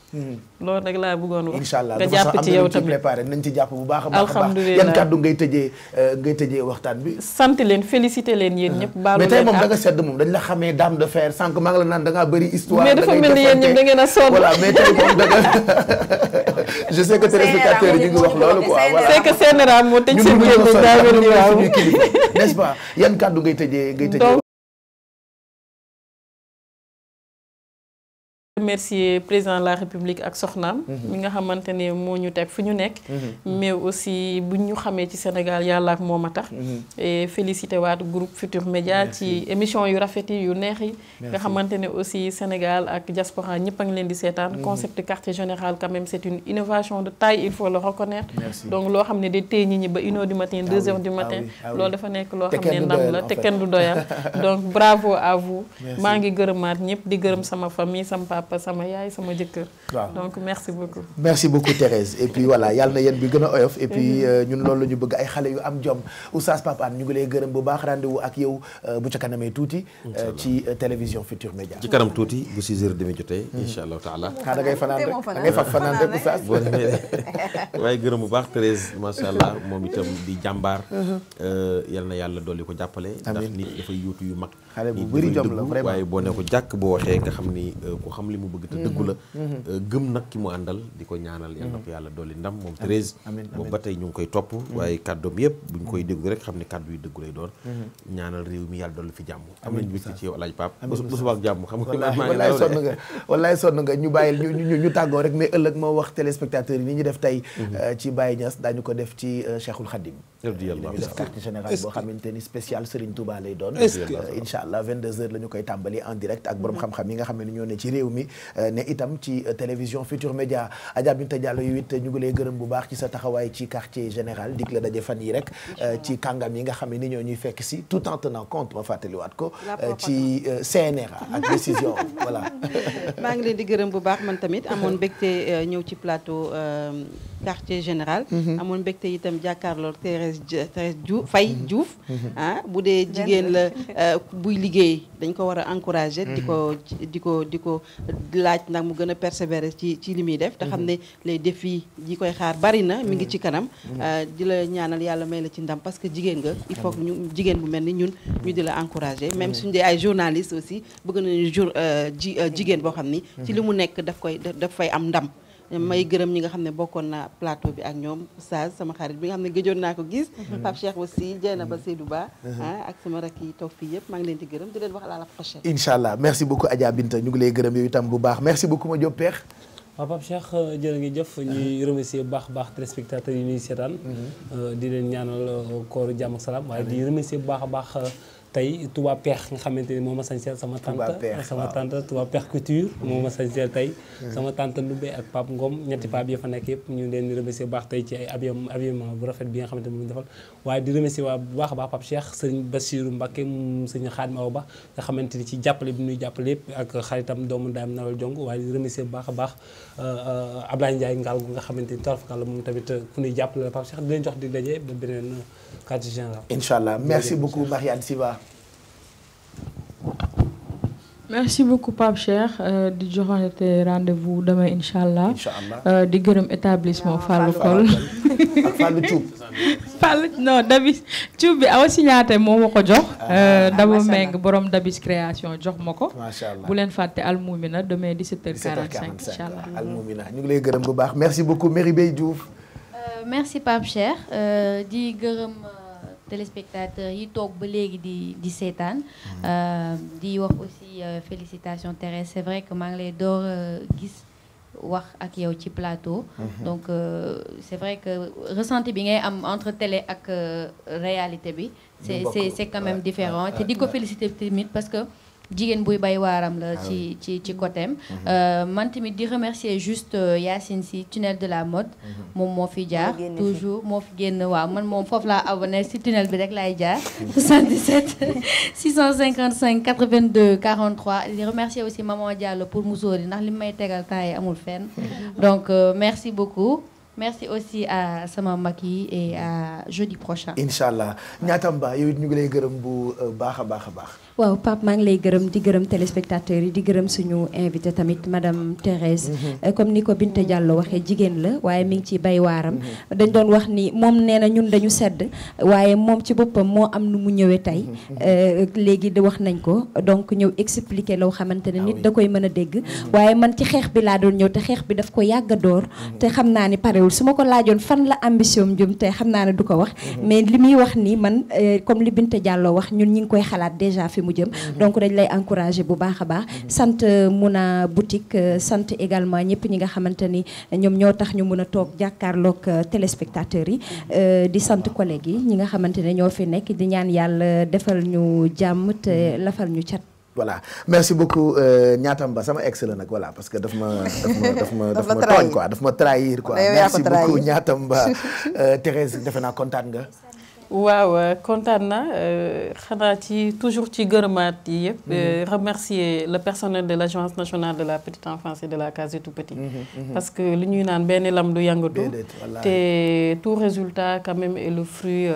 loolu rek laa bëggoon wax. incha allah nga jàpp ci yow tamit nañ ci jàpp bu baax a baax. alhamdulilah kàddu ngay tëjee euh, ngay tëjee waxtaan bi. sant leen félicité leen yéen ñëpp. Ah. baalu leen mais tey moom dañ la xamee dame de fer sànq maa ngi la naan da ngaa bëri a sonn voilà je sais que téléspectateurs yi ñu ngi wax loolu quoi voilà c'est que seen raam moo tëj seen gémmiñ daa mel ni waaw n'est-ce pas yan kàddu ngay tëjee ngay tëjee remercier président de la république ak soxnaam mhm. mi nga xamante ne moo ñu teg fu ñu nekk mhm. mais aussi bu ñu xamee ci Sénégal yàlla ak moom a tax mhm. et félicité waat groupe Futur Média ci émission yu rafet yu neex yi nga xamante ne aussi Sénégal ak diaspora ñëpp a ngi leen di seetaan concept quartier général quand même c'est une innovation de taille il faut le reconnaître donc loo xam ne de téye nit ñi ba une heure du matin deux ah heures du matin ah ah loolu dafa nekk loo xam ne ndam la du doyal donc bravo ngi gërëmaat ko sama yaay sama jëkkër. waaw donc merci beaucoup. merci beaucoup Thérèse et puis voilà yàlla na yéen bi gën a oyof. et puis mhm. euh, ñun loolu la ñu bëgg ay xale yu am jom oustaz Pape ñu ngi lay gërëm bu baax rendez-vous ak yow euh, bu ca kanamee tuuti. Euh, ci télévision Futur Média. ci kanam tuuti bu 6 heures demi jotee. Mhm. da ngay fanaan rek da ngay faf fanaan rek bu baax Thérèse macha allah moom itam di jàmbaar. Mhm. yal na yàlla dolli ko jàppale. ndax nit dafay yuutu yu mag. xale bu bëri jom la vraiment waaye boo ne jàkk boo waxee nga li mu bëgg te mm-hmm. dëggu la mm-hmm. euh, gëm nag ki mu àndal di ko ñaanal yal ko mm-hmm. yàlla dolli ndam moom Thérèse boobu ba tey ñu ngi koy topp waaye kàddoom yëpp buñ koy déglu rek xam ne kàddu yi dëggu lay doon ñaanal réew mi yàlla dolli fi jàmm am nañ bis ci yow alaaj bu subaa ak jàmm wallaay sonn nga ñu bàyyil ñu tàggoo rek mais ëllëg moo wax téléspectateurs yi ni ñu def tey euh, ci Baye Niass daañu ko def ci euh, Cheikhul Khadim jërëjëf def carte générale boo xamante spécial Serigne Touba doon. Euh, incha allah koy tàmbali en direct ak borom xam-xam yi nga xam ne ne ci réew mi. Euh, ne itam ci euh, télévision Futur Média Adja Binta Diallo yu it ñu ngi lay gërëm bu baax ci sa taxawaay ci quartier général dik la daje fan yi rek. ci kàngam nga xam ne ñoo ñuy fekk si compte ma fàttaliwaat ko. ci CNRA ak décision voilà. maa ngi bu baax man tamit amoon mbégte ci plateau quartier général. Mm-hmm. amoon mbégte Thérèse Thérèse mhm. Diouf Faye mhm. ah, Diouf bu dee jigéen la euh, buy liggéey dañ ko war a encourager di ko mhm. di ko di ko laaj nag mu gën a persévérer ci ci li muy def te xam ne les défis yi koy xaar bari na mi ngi ci kanam euh, di la ñaanal yàlla may la ci ndam parce que jigéen nga il faut que ñu jigéen bu mel ni ñun ñu di la encourager même suñu dee ay journaliste aussi bëgg nañu jour euh, ji jigéen boo xam ni ci li mu nekk daf koy daf fay am ndam Mm-hmm. may gërëm ñi nga xam ne bokkoon naa plateau bi ak ñoom Oustaz sama xarit bi nga xam ne gëjoon naa ko gis mm-hmm. Pape Cheikh aussi Dieyna mm-hmm. ba Seydou Ba ah, ak sama rakk toog fii yëpp maa ngi leen di gërëm di leen wax à la prochaine incha allah merci beaucoup Adja Binta ñu ngi lay gërëm yow itam bu baax merci beaucoup ma Diop Peex waaw ah, Pape Cheikh euh, jërë ngi jëf uh-huh. ñuy remercier bu baax baax téléspectateurs yi ñuy seetaan euh, di leen ñaanal euh, kooru jàmm ak salaam waaye di remercier bu baax a baax tey Touba Peex nga xamante ni moo ma sañseel sama tante sama tante Touba Peex Couture moo ma sañseel tey mm-hmm. sama tante Ndoubé ak Pape Ngom ñetti mm-hmm. Pape ya fa nekk yëpp ñu leen di remercier bu baax tey ci ay abiyam abiyement bu rafet bi nga xamante moom defal waaye di remercier waa bu baax a baax Pape Cheikh sëñ Bassirou Mbacké mu sëñ Khadim Awa Ba nga xamante ni ci jàppale bi ñuy jàppale yëpp ak xaritam doomu daam Nawel Jong waaye di remercier bu baax a baax euh, euh, Ablaye Ndiaye Ngal nga xamante ni tarfkal la moom tamit euh, ku ñuy jàppale la Pape Cheikh di leen jox di daje ba beneen quartier général incha allah merci beaucoup Mariane Siba merci beaucoup Pape Cheikh euh, di joxante rendez-vous demain incha allah euh, di gërëm établissement Fallou Kol Fallou Thioub Dabis Thioub bi awa signaté moo ma ko jox ah, euh, dama meng borom Dabis création jox ma ko bu leen fàtte Almoumina demain 17h45 incha allah Almoumina ñu ngi lay gërëm bu baax merci beaucoup Merry Beye Diouf merci Pape Cheikh di gërëm téléspectateurs yi toog ba léegi di di seetaan mm. euh, di wax aussi euh, félicitations Thérèse c'est vrai que maa ngi lay door euh, gis wax ak yow ci plateau mm-hmm. donc c'est vrai que ressenti bi ngay am entre télé ak réalité bi c'est c'est c'est quand même différent te di ko féliciter tamit parce que jigéen buy bay waaram la ah ci ci ci côté am mhm. euh, man tamit di remercier juste euh, Yacine si tunnel de la mode mhm. moom moo fi jaar toujours moo fi génn waaw man moom foofu laa abonné si tunnel bi rek laay jaar 77 655 82 43 di remercier aussi maman Diallo pour musóori ndax li may tegal temps yi amul fen mhm. donc euh, merci beaucoup merci aussi à sama mag yi et à jeudi prochain incha allah ñaatam ba yow ñu ngi lay gërëm bu baax a baax a baax waaw Pape maa ngi lay gërëm di gërëm téléspectateurs yi di gërëm suñu invité tamit madame Thérèse mm-hmm. euh, comme ni ko Binta jàlloo waxee jigéen la waaye mi ngi ci bay waaram mm-hmm. dañ doon wax ni moom nee na ñun dañu sedd waaye moom ci boppam moo am nu mu ñëwee tey mm-hmm. euh, léegi di wax nañ ko donc ñëw expliquer loo xamante ne ah nit da koy mën a dégg waaye man ci xeex bi laa doon ñëw te xeex bi daf ko yàgg door te xam naa ni parewul su ma ko laajoon fan la ambition jëm te xam naa ne du ko wax mais li muy wax euh, wax ñun ñi koy xalaat mu jëm donc dañ lay encourager bu baax a baax sant euh, Mouna boutique euh, sant également ñëpp ñi nga xamante ni ñoom ñoo tax ñu mën a toog jàkkaarlook euh, téléspectateurs yi di sant collègues yi ñi nga xamante ne ñoo fi nekk di ñaan yàlla defal ñu jàmm te lafal ñu cat voilà merci beaucoup ñaatam ba sama ex la nag voilà parce que daf ma daf trahir quoi merci beaucoup ñaatam ba Thérèse defe naa kontaan nga waaw euh, kontaan na euh, xanaa ci toujours ci gërëmaat yi yëpp. Mhm. Euh, remercier le personnel de l' agence nationale de la petite enfance et de la case des tout-petits. Mhm, mhm, parce que li ñuy naan benn lam du yàngatu. te tout résultat quand même est le fruit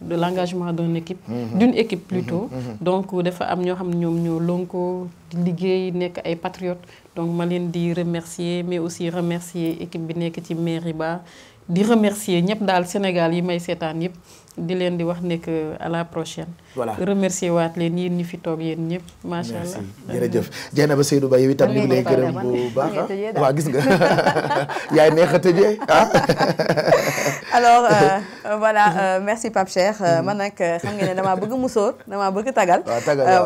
de l' engagement d' une équipe. d' une équipe plutôt. donc dafa am ñoo xam ne ñoom ñoo lonko di liggéey nekk ay patriotes donc ma leen di remercier mais aussi remercier équipe bi nekk ci mairie ba di remercier ñëpp daal Sénégal yi may seetaan yëpp. di leen di wax ne que à la prochaine. voilà remercier waat leen yéen ñi fi toog yéen ñëpp macha allah. jërëjëf Dieynaba Seydou Ba yow itam ñu ngi lay bu baax ah waaw gis nga yaay neex a tëjee ah. alors euh, euh, voilà euh, merci Pape Cheikh mm-hmm. man nag xam nga ne damaa bëgg musóor damaa bëgg tagal.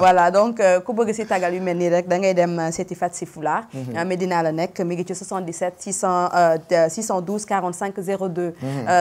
voilà donc ku bëgg si tagal yu mel nii rek da ngay dem seeti Fat si Foulard. Medina mm-hmm. la nekk mi ngi ci 77 600 612 45 02.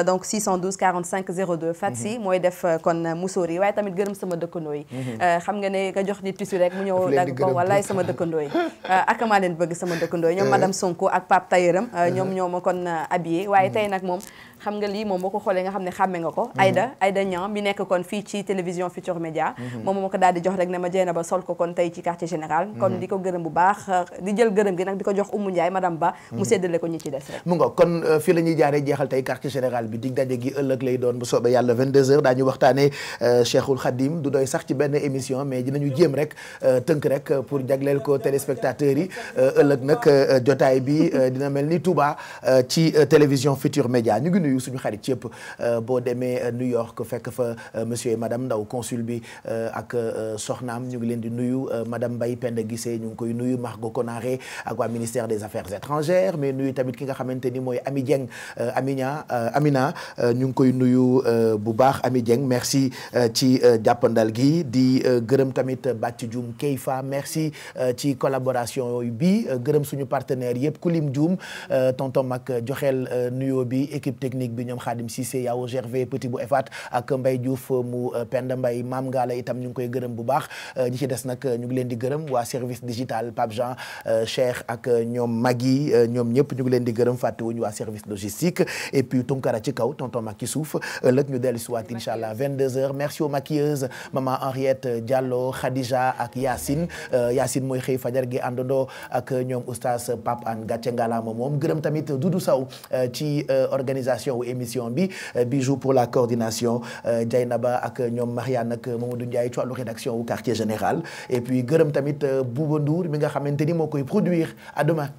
donc 612 45 02 Fat si mooy def kon musóor yi waaye tamit gërëm. yërëm sama dëkkandoo yi mhm. euh, xam nga ne nga jox nit tissu rek mu ñëw dagg ko wallaay sama dëkkandoo yi euh, ak maa leen bëgg sama dëkkandoo yi ñoom euh. madame Sonko ak Pape Tayeram ñoom mhm. ñoo kon habillé waaye mhm. tey nag moom xam nga lii moom boo ko xoolee nga xam ne xàmme nga ko mhm. Aïda Aïda Niang mi nekk kon fii ci télévision Futur Média mhm. moom moo ko daal di jox rek ne ma jeena ba sol ko kon tey ci quartier général mhm. di ko gërëm bu baax di jël gërëm gi nag di ko jox Oumou Ndiaye madame Ba mu séddale ko ñi ci des rek mu nga kon euh, fii la ñuy jaaree jeexal tey quartier général bi dig daje gi ëllëg lay doon bu soobee yàlla 22h daañu waxtaanee euh, Cheikhul Khadim du doy sax ci benn émission mais dinañu jéem rek euh, tënk rek pour jagleel ko téléspectateurs yi ëllëg nag jotaay bi dina mel ni Touba ci télévision Futur Média ñu ngi nuyu suñu xarit yëpp euh, boo demee euh, New York fekk fa euh, monsieur et madame Ndaw consul bi ak soxnaam ñu ngi leen di nuyu madame Mbaye Penda Guissé ñu ngi koy nuyu Margot Konaré ak waa ministère des affaires étrangères mais nuyu tamit ki nga xamante ni mooy Ami Dieng Amina Amina ñu ngi koy nuyu bu baax Ami Dieng merci ci jàppandal gi di gërëm tamit Bàcc Dioum Keifa merci ci collaboration yooyu bi gërëm suñu partenaire yëpp Kulim Dioum tonton Mag joxeel nuyoo bi équipe technique technique bi ñoom Khadim Cissé Yao Gervais Petit bu EFAT ak Mbaye Diouf mu euh, Penda Mbaye Maam Ngala itam ñu koy gërëm bu baax euh, ñi des nag euh, ñu ngi leen di gërëm waa service digital Pape Jean Cheikh ak ñoom Magui ñoom ñëpp ñu leen di gërëm fàttewuñu waa service logistique et puis Tunkara ci kaw tonton Macky suuf ëllëg ñu dellu siwaat incha allah 22h merci aux maquilleuses maman Henriette Diallo Khadija ak Yacine Yacine mooy xëy fajar gi àndandoo ak ñoom oustaz Pape An gàcce ngalaama moom gërëm tamit préparation wu émission bi euh, bijou pour la coordination Jaynaba euh, ak euh, ñoom Marianne ak Mamadou Ndiaye ci wàllu rédaction wu quartier général et puis gërëm tamit Bouba Ndour mi nga xamante ni moo koy produire à demain